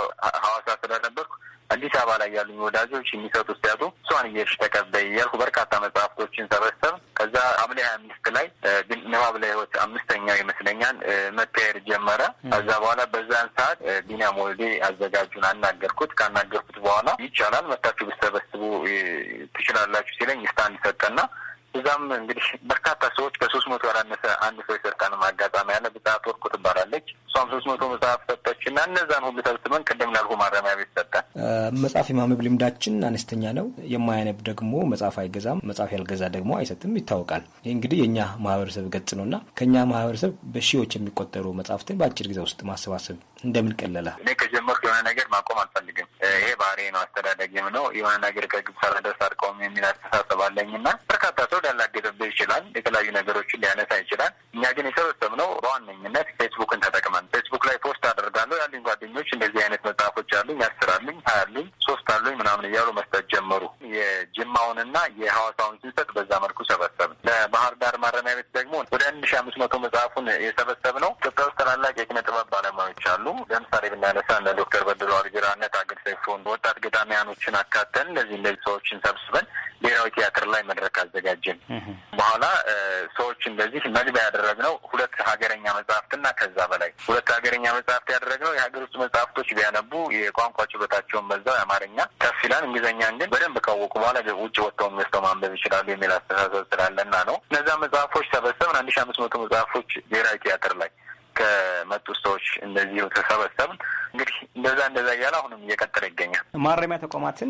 ሀዋሳ ስለነበርኩ አዲስ አበባ ላይ ያሉኝ ወዳጆች የሚሰጡ ሲያጡ እሷን እየሽ ተቀበይ እያልኩ በርካታ መጽሐፍቶችን ሰበሰብ። ከዛ ሐምሌ ሀያ አምስት ላይ ግን ንባብ ለሕይወት አምስተኛው ይመስለኛል መካሄድ ጀመረ። ከዛ በኋላ በዛን ሰዓት ቢኒያም ወልዴ አዘጋጁን አናገርኩት። ካናገርኩት በኋላ ይቻላል መታችሁ ብሰበስቡ ትችላላችሁ ሲለኝ ስታንድ ሰጠና እዛም እንግዲህ በርካታ ሰዎች ከሶስት መቶ ያላነሰ አንድ ሰው የሰርቃንም አጋጣሚ ያለ ብጽሀት ወርቁ ትባላለች። እሷም ሶስት መቶ መጽሐፍ ሰጠች እና እነዛን ሁሉ ተብትመን ቅድም ላልኩ ማረሚያ ቤት ሰጠን። መጽሐፍ የማንበብ ልምዳችን አነስተኛ ነው። የማያነብ ደግሞ መጽሐፍ አይገዛም፣ መጽሐፍ ያልገዛ ደግሞ አይሰጥም ይታወቃል። ይህ እንግዲህ የእኛ ማህበረሰብ ገጽ ነው እና ከእኛ ማህበረሰብ በሺዎች የሚቆጠሩ መጽሐፍትን በአጭር ጊዜ ውስጥ ማሰባሰብ እንደምን ቀለላ እኔ ከጀመርኩ የሆነ ነገር ማቆም አልፈልግም። ይሄ ባህሬ ነው፣ አስተዳደግም ነው። የሆነ ነገር ከግብ ሳላደርስ አልቆም የሚል አስተሳሰብ አለኝ እና በርካታ ሰው ሊያላግጥብህ ይችላል፣ የተለያዩ ነገሮችን ሊያነሳ ይችላል። እኛ ግን የሰበሰብነው በዋነኝነት ፌስቡክን ተጠቅመን ፌስቡክ ላይ ፖስት ያሉኝ ጓደኞች እንደዚህ አይነት መጽሐፎች አሉኝ፣ አስር አሉኝ፣ ሀያ አሉኝ፣ ሶስት አሉኝ ምናምን እያሉ መስጠት ጀመሩ። የጅማውንና የሐዋሳውን ስንሰጥ በዛ መልኩ ሰበሰብ። ለባህር ዳር ማረሚያ ቤት ደግሞ ወደ አንድ ሺ አምስት መቶ መጽሐፉን የሰበሰብ ነው። ኢትዮጵያ ውስጥ ታላላቅ የኪነ ጥበብ ባለሙያዎች አሉ። ለምሳሌ ብናነሳ እነ ዶክተር በድሎ አልጅራ፣ እነ ታገል ሰይፉን፣ ወጣት ገጣሚያኖችን አካተን እነዚህ እንደዚህ ሰዎችን ሰብስበን ብሔራዊ ቲያትር ላይ መድረክ አዘጋጀን። በኋላ ሰዎች እንደዚህ መግቢያ ያደረግነው ሁለት ሀገረኛ መጽሐፍትና ከዛ በላይ ሁለት ሀገረኛ መጽሐፍት ያደረግነው ነው የሀገር ውስጥ መጽሐፍቶች ቢያነቡ የቋንቋ ችሎታቸውን በዛው የአማርኛ ከፍ ይላል። እንግሊዝኛን ግን በደንብ ካወቁ በኋላ ውጭ ወጥተው ገዝተው ማንበብ ይችላሉ የሚል አስተሳሰብ ስላለና ነው። እነዛ መጽሐፎች ሰበሰብን አንድ ሺ አምስት መቶ መጽሐፎች ብሔራዊ ቲያትር ላይ ከመጡ ሰዎች እንደዚሁ ተሰበሰብን። እንግዲህ እንደዛ እንደዛ እያለ አሁንም እየቀጠለ ይገኛል። ማረሚያ ተቋማትን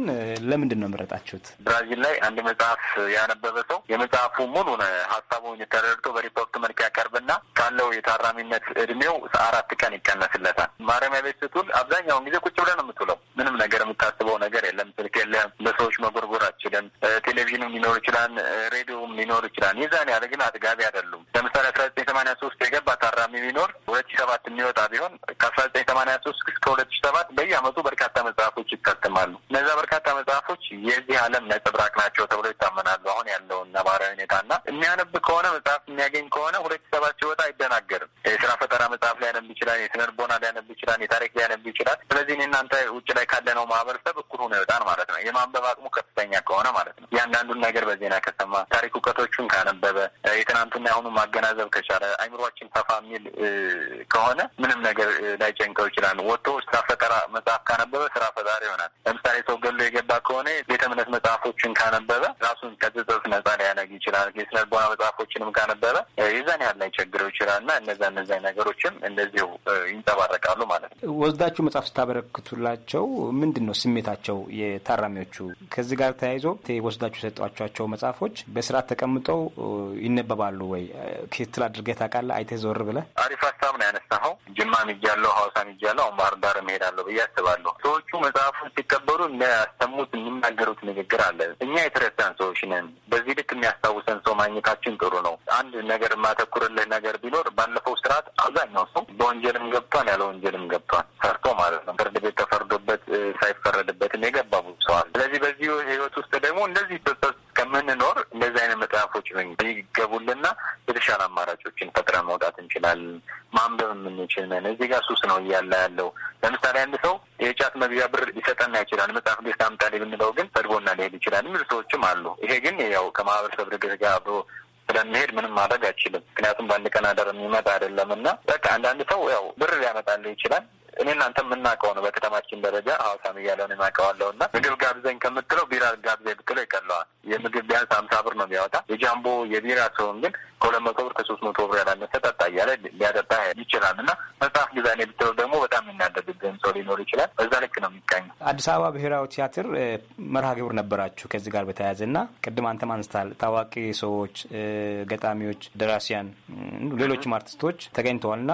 ለምንድን ነው የመረጣችሁት? ብራዚል ላይ አንድ መጽሐፍ ያነበበ ሰው የመጽሐፉ ሙሉ ሀሳቡን ተረድቶ በሪፖርት መልክ ያቀርብና ካለው የታራሚነት እድሜው አራት ቀን ይቀነስለታል። ማረሚያ ቤት ስትውል አብዛኛውን ጊዜ ቁጭ ብለህ ነው የምትውለው። ምንም ነገር የምታስበው ነገር የለም። ስልክ የለም። በሰዎች መጎርጎር አችልም። ቴሌቪዥንም ሊኖር ይችላል፣ ሬዲዮም ሊኖር ይችላል። የዛን ያለ ግን አጥጋቢ አይደሉም። ለምሳሌ አስራ ዘጠኝ ሰማንያ ሶስት የገባ ታራሚ ቢኖር ሁለት ሺ ሰባት የሚወጣ ቢሆን ከአስራ ዘጠኝ ሰማንያ ሶስት እስከ ሁለት ሺ ሰባት በየአመቱ በርካታ መጽሐፎች ይታተማሉ። እነዛ በርካታ መጽሐፎች የዚህ ዓለም ነጸብራቅ ናቸው ተብሎ ይታመናሉ። አሁን ያለውን ነባራዊ ሁኔታና የሚያነብ ከሆነ መጽሐፍ የሚያገኝ ከሆነ ሁለት ሺ ሰባት ሲወጣ አይደናገርም። የስራ ፈጠራ መጽሐፍ ሊያነብ ይችላል። የስነ ልቦና ሊያነብ ይችላል። የታሪክ ሊያነብ ይችላል። ስለዚህ እናንተ ውጭ ላይ ካለነው ማህበረሰብ እኩል ሆኖ ይወጣል ማለት ነው። የማንበብ አቅሙ ከፍተኛ ከሆነ ማለት ነው። እያንዳንዱን ነገር በዜና ከሰማ፣ ታሪክ እውቀቶቹን ካነበበ፣ የትናንቱና የአሁኑ ማገናዘብ ከቻለ አይምሯችን ሰፋ የሚል ከሆነ ምንም ነገር ላይጨንቀው ይችላል። ወጥቶ ስራ ፈጠራ መጽሐፍ ካነበበ ስራ ፈጣሪ ይሆናል። ለምሳሌ ሰው ገሎ የገባ ከሆነ ቤተ እምነት መጽሐፎችን ካነበበ ራሱን ከጽጽፍ ነጻ ሊያነግ ይችላል። የስነ ልቦና መጽሐፎችንም ካነበበ የዛን ያህል ላይቸግረው ይችላል እና እነዛ እነዚ ነገሮችም እንደዚሁ ይንጸባረቃሉ ማለት ነው። ወስዳችሁ መጽሐፍ ስታበረክቱላቸው ምንድን ነው ስሜታቸው የታራሚዎቹ? ከዚህ ጋር ተያይዞ ወስዳችሁ የሰጧቸው መጽሐፎች በስርዓት ተቀምጠው ይነበባሉ ወይ? ክትል አድርገህ ታውቃለህ? አይተህ ዞር ብለህ አሪፍ ሀሳብ ነው ያነሳኸው። ጅማ ሚጃለው፣ ሀዋሳ ሚጃለው፣ አሁን ባህር ዳር መሄዳለሁ ብዬ አስባለሁ። ሰዎቹ መጽሐፉን ሲቀበሉ የሚያሰሙት የሚናገሩት ንግግር አለ። እኛ የተረሳን ሰዎች ነን። በዚህ ልክ የሚያስታውሰን ሰው ማግኘታችን ጥሩ ነው። አንድ ነገር የማተኩርልህ ነገር ቢኖር ባለፈው ስርዓት አብዛኛው ሰው በወንጀልም ገብቷል፣ ያለ ወንጀልም ገብቷል። ሰርቶ ማለት ነው። ፍርድ ቤት ተፈርዶበት ሳይፈረድበትም የገባ ብዙ ሰዋል። ስለዚህ በዚህ ህይወት ውስጥ ደግሞ እንደዚህ ከምንኖር እንደዚህ አይነት መጽሐፎች ይገቡልና የተሻለ አማራጮችን ፈጥረን መውጣት እንችላለን። ማንበብ የምንችል ነን። እዚህ ጋር ሱስ ነው እያለ ያለው። ለምሳሌ አንድ ሰው የጫት መግዣ ብር ሊሰጠና ይችላል። መጽሐፍ ቤት አምጣ ብንለው ግን ሰድቦና ሊሄድ ይችላል የሚሉ ሰዎችም አሉ። ይሄ ግን ያው ከማህበረሰብ ድግስ ጋር አብሮ ስለሚሄድ ምንም ማድረግ አይችልም። ምክንያቱም በአንድ ቀን አደር የሚመጣ አይደለም እና በቃ አንዳንድ ሰው ያው ብር ሊያመጣልህ ይችላል እኔ እናንተ የምናውቀው ነው። በከተማችን ደረጃ ሀዋሳ እያለውን የማውቀዋለሁ እና ምግብ ጋብዘኝ ከምትለው ቢራ ጋብዘኝ ብትለው ይቀለዋል። የምግብ ቢያንስ አምሳ ብር ነው የሚያወጣ የጃምቦ የቢራ ሰውን ግን ከሁለት መቶ ብር ከሶስት መቶ ብር ያላነሰ ጠጣ እያለ ሊያጠጣ ይችላል እና መጽሐፍ ዲዛይን የብትለው ደግሞ በጣም የሚናደድብህም ሰው ሊኖር ይችላል። በዛ ልክ ነው የሚቃኝ። አዲስ አበባ ብሔራዊ ቲያትር መርሃ ግብር ነበራችሁ ከዚህ ጋር በተያያዘ እና ቅድም አንተም አንስታል ታዋቂ ሰዎች፣ ገጣሚዎች፣ ደራሲያን፣ ሌሎችም አርቲስቶች ተገኝተዋል እና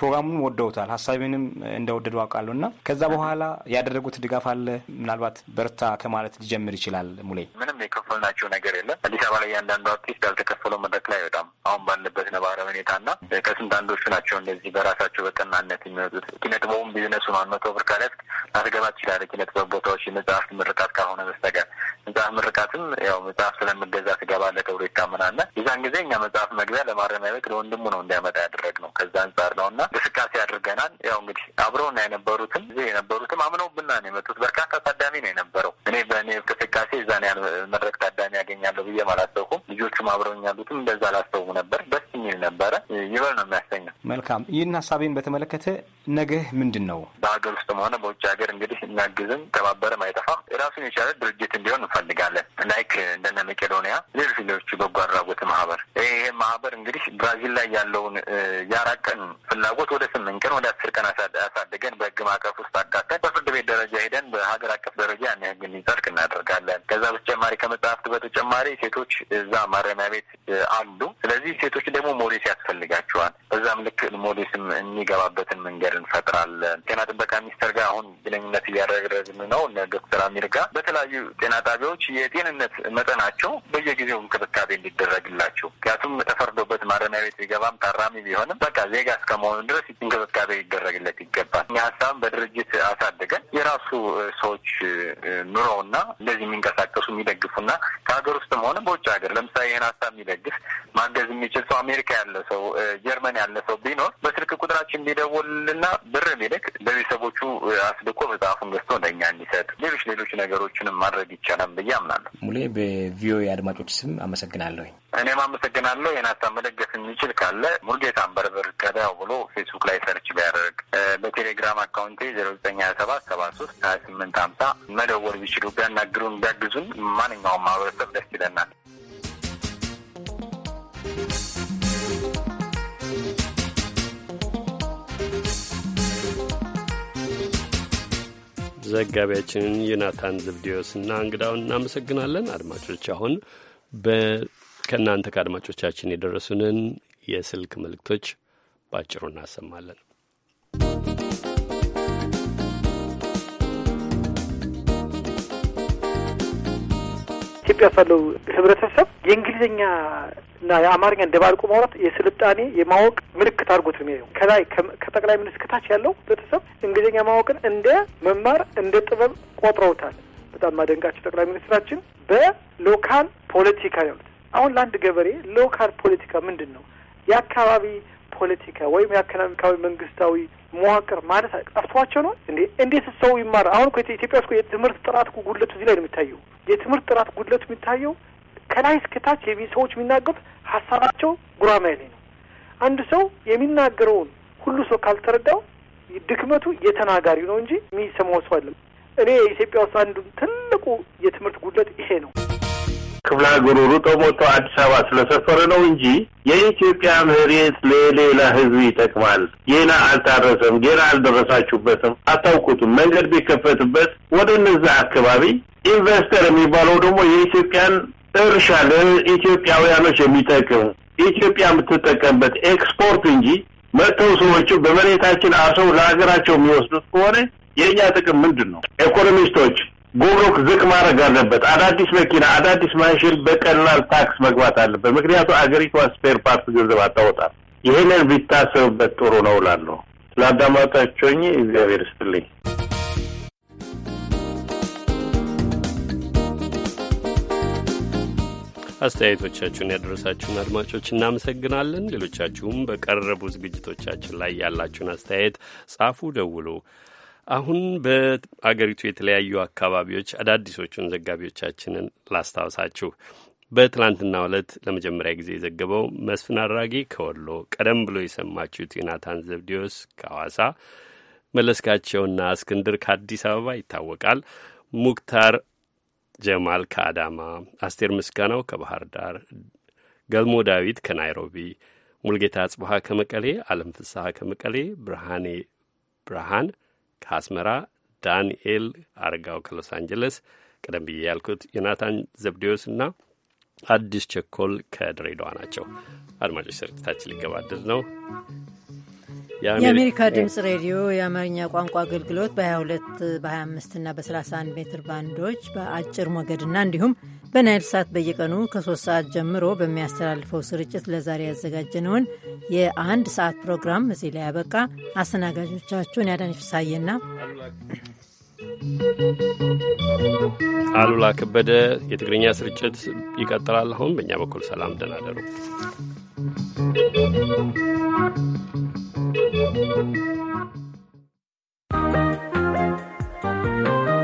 ፕሮግራሙን ወደውታል። ሀሳቢንም እንደወደዱ አውቃለሁ እና ከዛ በኋላ ያደረጉት ድጋፍ አለ። ምናልባት በርታ ከማለት ሊጀምር ይችላል። ሙሌ ምንም የከፈልናቸው ነገር የለም። አዲስ አበባ ላይ ያንዳንዱ አርቲስት ያልተከፈለው ያለንበት ላይ በጣም አሁን ባለበት ነባራዊ ሁኔታና ከስንት አንዶቹ ናቸው እንደዚህ በራሳቸው በቀናነት የሚወጡት። ኪነጥበቡም ቢዝነሱ ነው መቶ ብር ካለፍክ ላስገባ ትችላለ። ኪነጥበብ ቦታዎች የመጽሐፍት ምርቃት ካልሆነ በስተቀር መጽሐፍ ምርቃትም ያው መጽሐፍ ስለምገዛ ትገባለህ ተብሎ ይታመናልና የዛን ጊዜ እኛ መጽሐፍ መግቢያ ለማረሚያ ቤት ለወንድሙ ነው እንዲያመጣ ያደረግ ነው። ከዛ አንጻር ነው እና እንቅስቃሴ አድርገናል። ያው እንግዲህ አብረውና የነበሩትም እዚህ የነበሩትም አምነውብና ነው የመጡት። በርካታ ታዳሚ ነው የነበረው። እኔ በእኔ እንቅስቃሴ ያል መድረክ ታዳሚ ያገኛለሁ ብዬ አላሰብኩም። ልጆቹም አብረውኝ ያሉትም እንደዛ ላስተውሙ ነበር። ደስ የሚል ነበረ። ይበል ነው የሚያሰኘው። መልካም። ይህን ሀሳቤን በተመለከተ ነገህ ምንድን ነው? በሀገር ውስጥም ሆነ በውጭ ሀገር እንግዲህ እናግዝም ተባበረም አይጠፋ ራሱን የቻለ ድርጅት እንዲሆን እንፈልጋለን። ላይክ እንደነ መቄዶኒያ፣ ሌሎች ሌሎች በጎ አድራጎት ማህበር ይሄ ማህበር እንግዲህ ብራዚል ላይ ያለውን ያራቀን ፍላጎት ወደ ስምንት ቀን ወደ አስር ቀን አሳድገን በህግ ማዕቀፍ ውስጥ አካተን በፍርድ ቤት ደረጃ ሄደን በሀገር አቀፍ ደረጃ ያን ህግ እንዲጸድቅ እናደርጋለን። ከዛ በተጨማሪ ከመጽሐፍት በተጨማሪ ሴቶች እዛ ማረሚያ ቤት አሉ። ስለዚህ ሴቶች ደግሞ ሞዴስ ያስፈልጋቸዋል። በዛም ልክ ሞዴስም የሚገባበትን መንገድ እንፈጥራለን። ጤና ጥበቃ ሚኒስቴር ጋር አሁን ግንኙነት እያደረግን ነው። ዶክተር አሚር ጋር በተለያዩ ጤና ጣቢያዎች የጤንነት መጠናቸው በየጊዜው እንክብካቤ እንዲደረግላቸው፣ ምክንያቱም ተፈርዶበት ማረሚያ ቤት ቢገባም ታራሚ ቢሆንም በቃ ዜጋ እስከመሆኑ ድረስ እንክብካቤ ሊደረግለት ይገባል። እኛ ሀሳብም በድርጅት አሳድገን የራሱ ሰዎች ኑሮውና እንደዚህ የሚንቀሳቀሱ የሚደግፉና ከሀገር ውስጥም ሆነ በውጭ ሀገር ለምሳሌ ይህን ሀሳብ የሚደግፍ ማገዝ የሚችል ሰው አሜሪካ ያለ ሰው፣ ጀርመን ያለ ሰው ቢኖር በስልክ ቁጥራችን ቢደውልና ብር ሚልክ ለቤተሰቦቹ አስልኮ መጽሐፉን ገዝቶ ለእኛ እንዲሰጥ ሌሎች ሌሎች ነገሮችንም ማድረግ ይቻላል ብዬ አምናለሁ። ሙሌ በቪኦኤ አድማጮች ስም አመሰግናለሁ። እኔም አመሰግናለሁ። የናታ መደገፍ የሚችል ካለ ሙልጌታ አንበርበር ገበያው ብሎ ፌስቡክ ላይ ሰርች ቢያደርግ በቴሌግራም አካውንቴ ዜሮ ዘጠኝ ሀያ ሰባት ሰባ ሶስት ሀያ ስምንት ሀምሳ መደወል ቢችሉ ቢያናግሩን ቢያግዙን ማንኛውም ማህበረሰብ ደስ ይለናል። ዘጋቢያችንን ዮናታን ዘብዴዎስና እንግዳውን እናመሰግናለን። አድማጮች አሁን ከእናንተ ከአድማጮቻችን የደረሱንን የስልክ መልእክቶች ባጭሩ እናሰማለን። ኢትዮጵያ ውስጥ ያለው ህብረተሰብ የእንግሊዝኛ እና የአማርኛ እንደባልቁ ማውራት የስልጣኔ የማወቅ ምልክት አድርጎት ነው የሚያየው። ከላይ ከጠቅላይ ሚኒስትር ከታች ያለው ህብረተሰብ እንግሊዝኛ ማወቅን እንደ መማር እንደ ጥበብ ቆጥረውታል። በጣም ማደንቃቸው ጠቅላይ ሚኒስትራችን በሎካል ፖለቲካ ያሉት። አሁን ለአንድ ገበሬ ሎካል ፖለቲካ ምንድን ነው? የአካባቢ ፖለቲካ ወይም የኢኮኖሚካዊ መንግስታዊ መዋቅር ማለት ጠፍቷቸው ነው እንዴ? እንዴት ሰው ይማራል? አሁን እኮ ኢትዮጵያ ውስጥ የትምህርት ጥራት ጉድለቱ እዚህ ላይ ነው የሚታየው። የትምህርት ጥራት ጉድለቱ የሚታየው ከላይ እስከታች የሚ ሰዎች የሚናገሩት ሀሳባቸው ጉራማይሌ ነው። አንድ ሰው የሚናገረውን ሁሉ ሰው ካልተረዳው ድክመቱ የተናጋሪ ነው እንጂ የሚሰማው ሰው አይደለም። እኔ የኢትዮጵያ ውስጥ አንዱ ትልቁ የትምህርት ጉድለት ይሄ ነው። ክፍለ ሀገሩ ሩጦ ሞቶ አዲስ አበባ ስለሰፈረ ነው እንጂ የኢትዮጵያ መሬት ለሌላ ህዝብ ይጠቅማል። ጌና አልታረሰም፣ ጌና አልደረሳችሁበትም፣ አታውቁትም። መንገድ ቢከፈትበት ወደ እነዚ አካባቢ ኢንቨስተር የሚባለው ደግሞ የኢትዮጵያን እርሻ ለኢትዮጵያውያኖች የሚጠቅም ኢትዮጵያ የምትጠቀምበት ኤክስፖርት እንጂ መጥተው ሰዎቹ በመሬታችን አርሰው ለሀገራቸው የሚወስዱት ከሆነ የእኛ ጥቅም ምንድን ነው? ኢኮኖሚስቶች ጉምሩክ ዝቅ ማድረግ አለበት። አዳዲስ መኪና፣ አዳዲስ ማሽን በቀላል ታክስ መግባት አለበት። ምክንያቱ አገሪቷ ስፔር ፓርት ገንዘብ አታወጣም። ይህንን ቢታሰብበት ጥሩ ነው እላለሁ። ለአዳማጣችሁኝ እግዚአብሔር ይስጥልኝ። አስተያየቶቻችሁን ያደረሳችሁን አድማጮች እናመሰግናለን። ሌሎቻችሁም በቀረቡ ዝግጅቶቻችን ላይ ያላችሁን አስተያየት ጻፉ፣ ደውሉ። አሁን በአገሪቱ የተለያዩ አካባቢዎች አዳዲሶቹን ዘጋቢዎቻችንን ላስታውሳችሁ። በትላንትና ዕለት ለመጀመሪያ ጊዜ የዘገበው መስፍን አድራጊ ከወሎ፣ ቀደም ብሎ የሰማችሁት ዮናታን ዘብዲዮስ ከሐዋሳ፣ መለስካቸውና እስክንድር ከአዲስ አበባ ይታወቃል። ሙክታር ጀማል ከአዳማ፣ አስቴር ምስጋናው ከባህር ዳር፣ ገልሞ ዳዊት ከናይሮቢ፣ ሙልጌታ አጽብሃ ከመቀሌ፣ አለም ፍስሐ ከመቀሌ፣ ብርሃኔ ብርሃን ከአስመራ፣ ዳንኤል አርጋው ከሎስ አንጀለስ፣ ቀደም ብዬ ያልኩት ዮናታን እና አዲስ ቸኮል ከድሬዳዋ ናቸው። አድማጮች ስርጭታችን ሊገባደድ ነው። የአሜሪካ ድምፅ ሬዲዮ የአማርኛ ቋንቋ አገልግሎት በ22 በ25 እና በ31 ሜትር ባንዶች በአጭር ሞገድና እንዲሁም በናይል ሳት በየቀኑ ከሶስት ሰዓት ጀምሮ በሚያስተላልፈው ስርጭት ለዛሬ ያዘጋጀነውን የአንድ ሰዓት ፕሮግራም እዚህ ላይ ያበቃ። አስተናጋጆቻችሁን ያዳነች ሳየና አሉላ ከበደ። የትግርኛ ስርጭት ይቀጥላል። አሁን በእኛ በኩል ሰላም፣ ደህና ደሩ። Música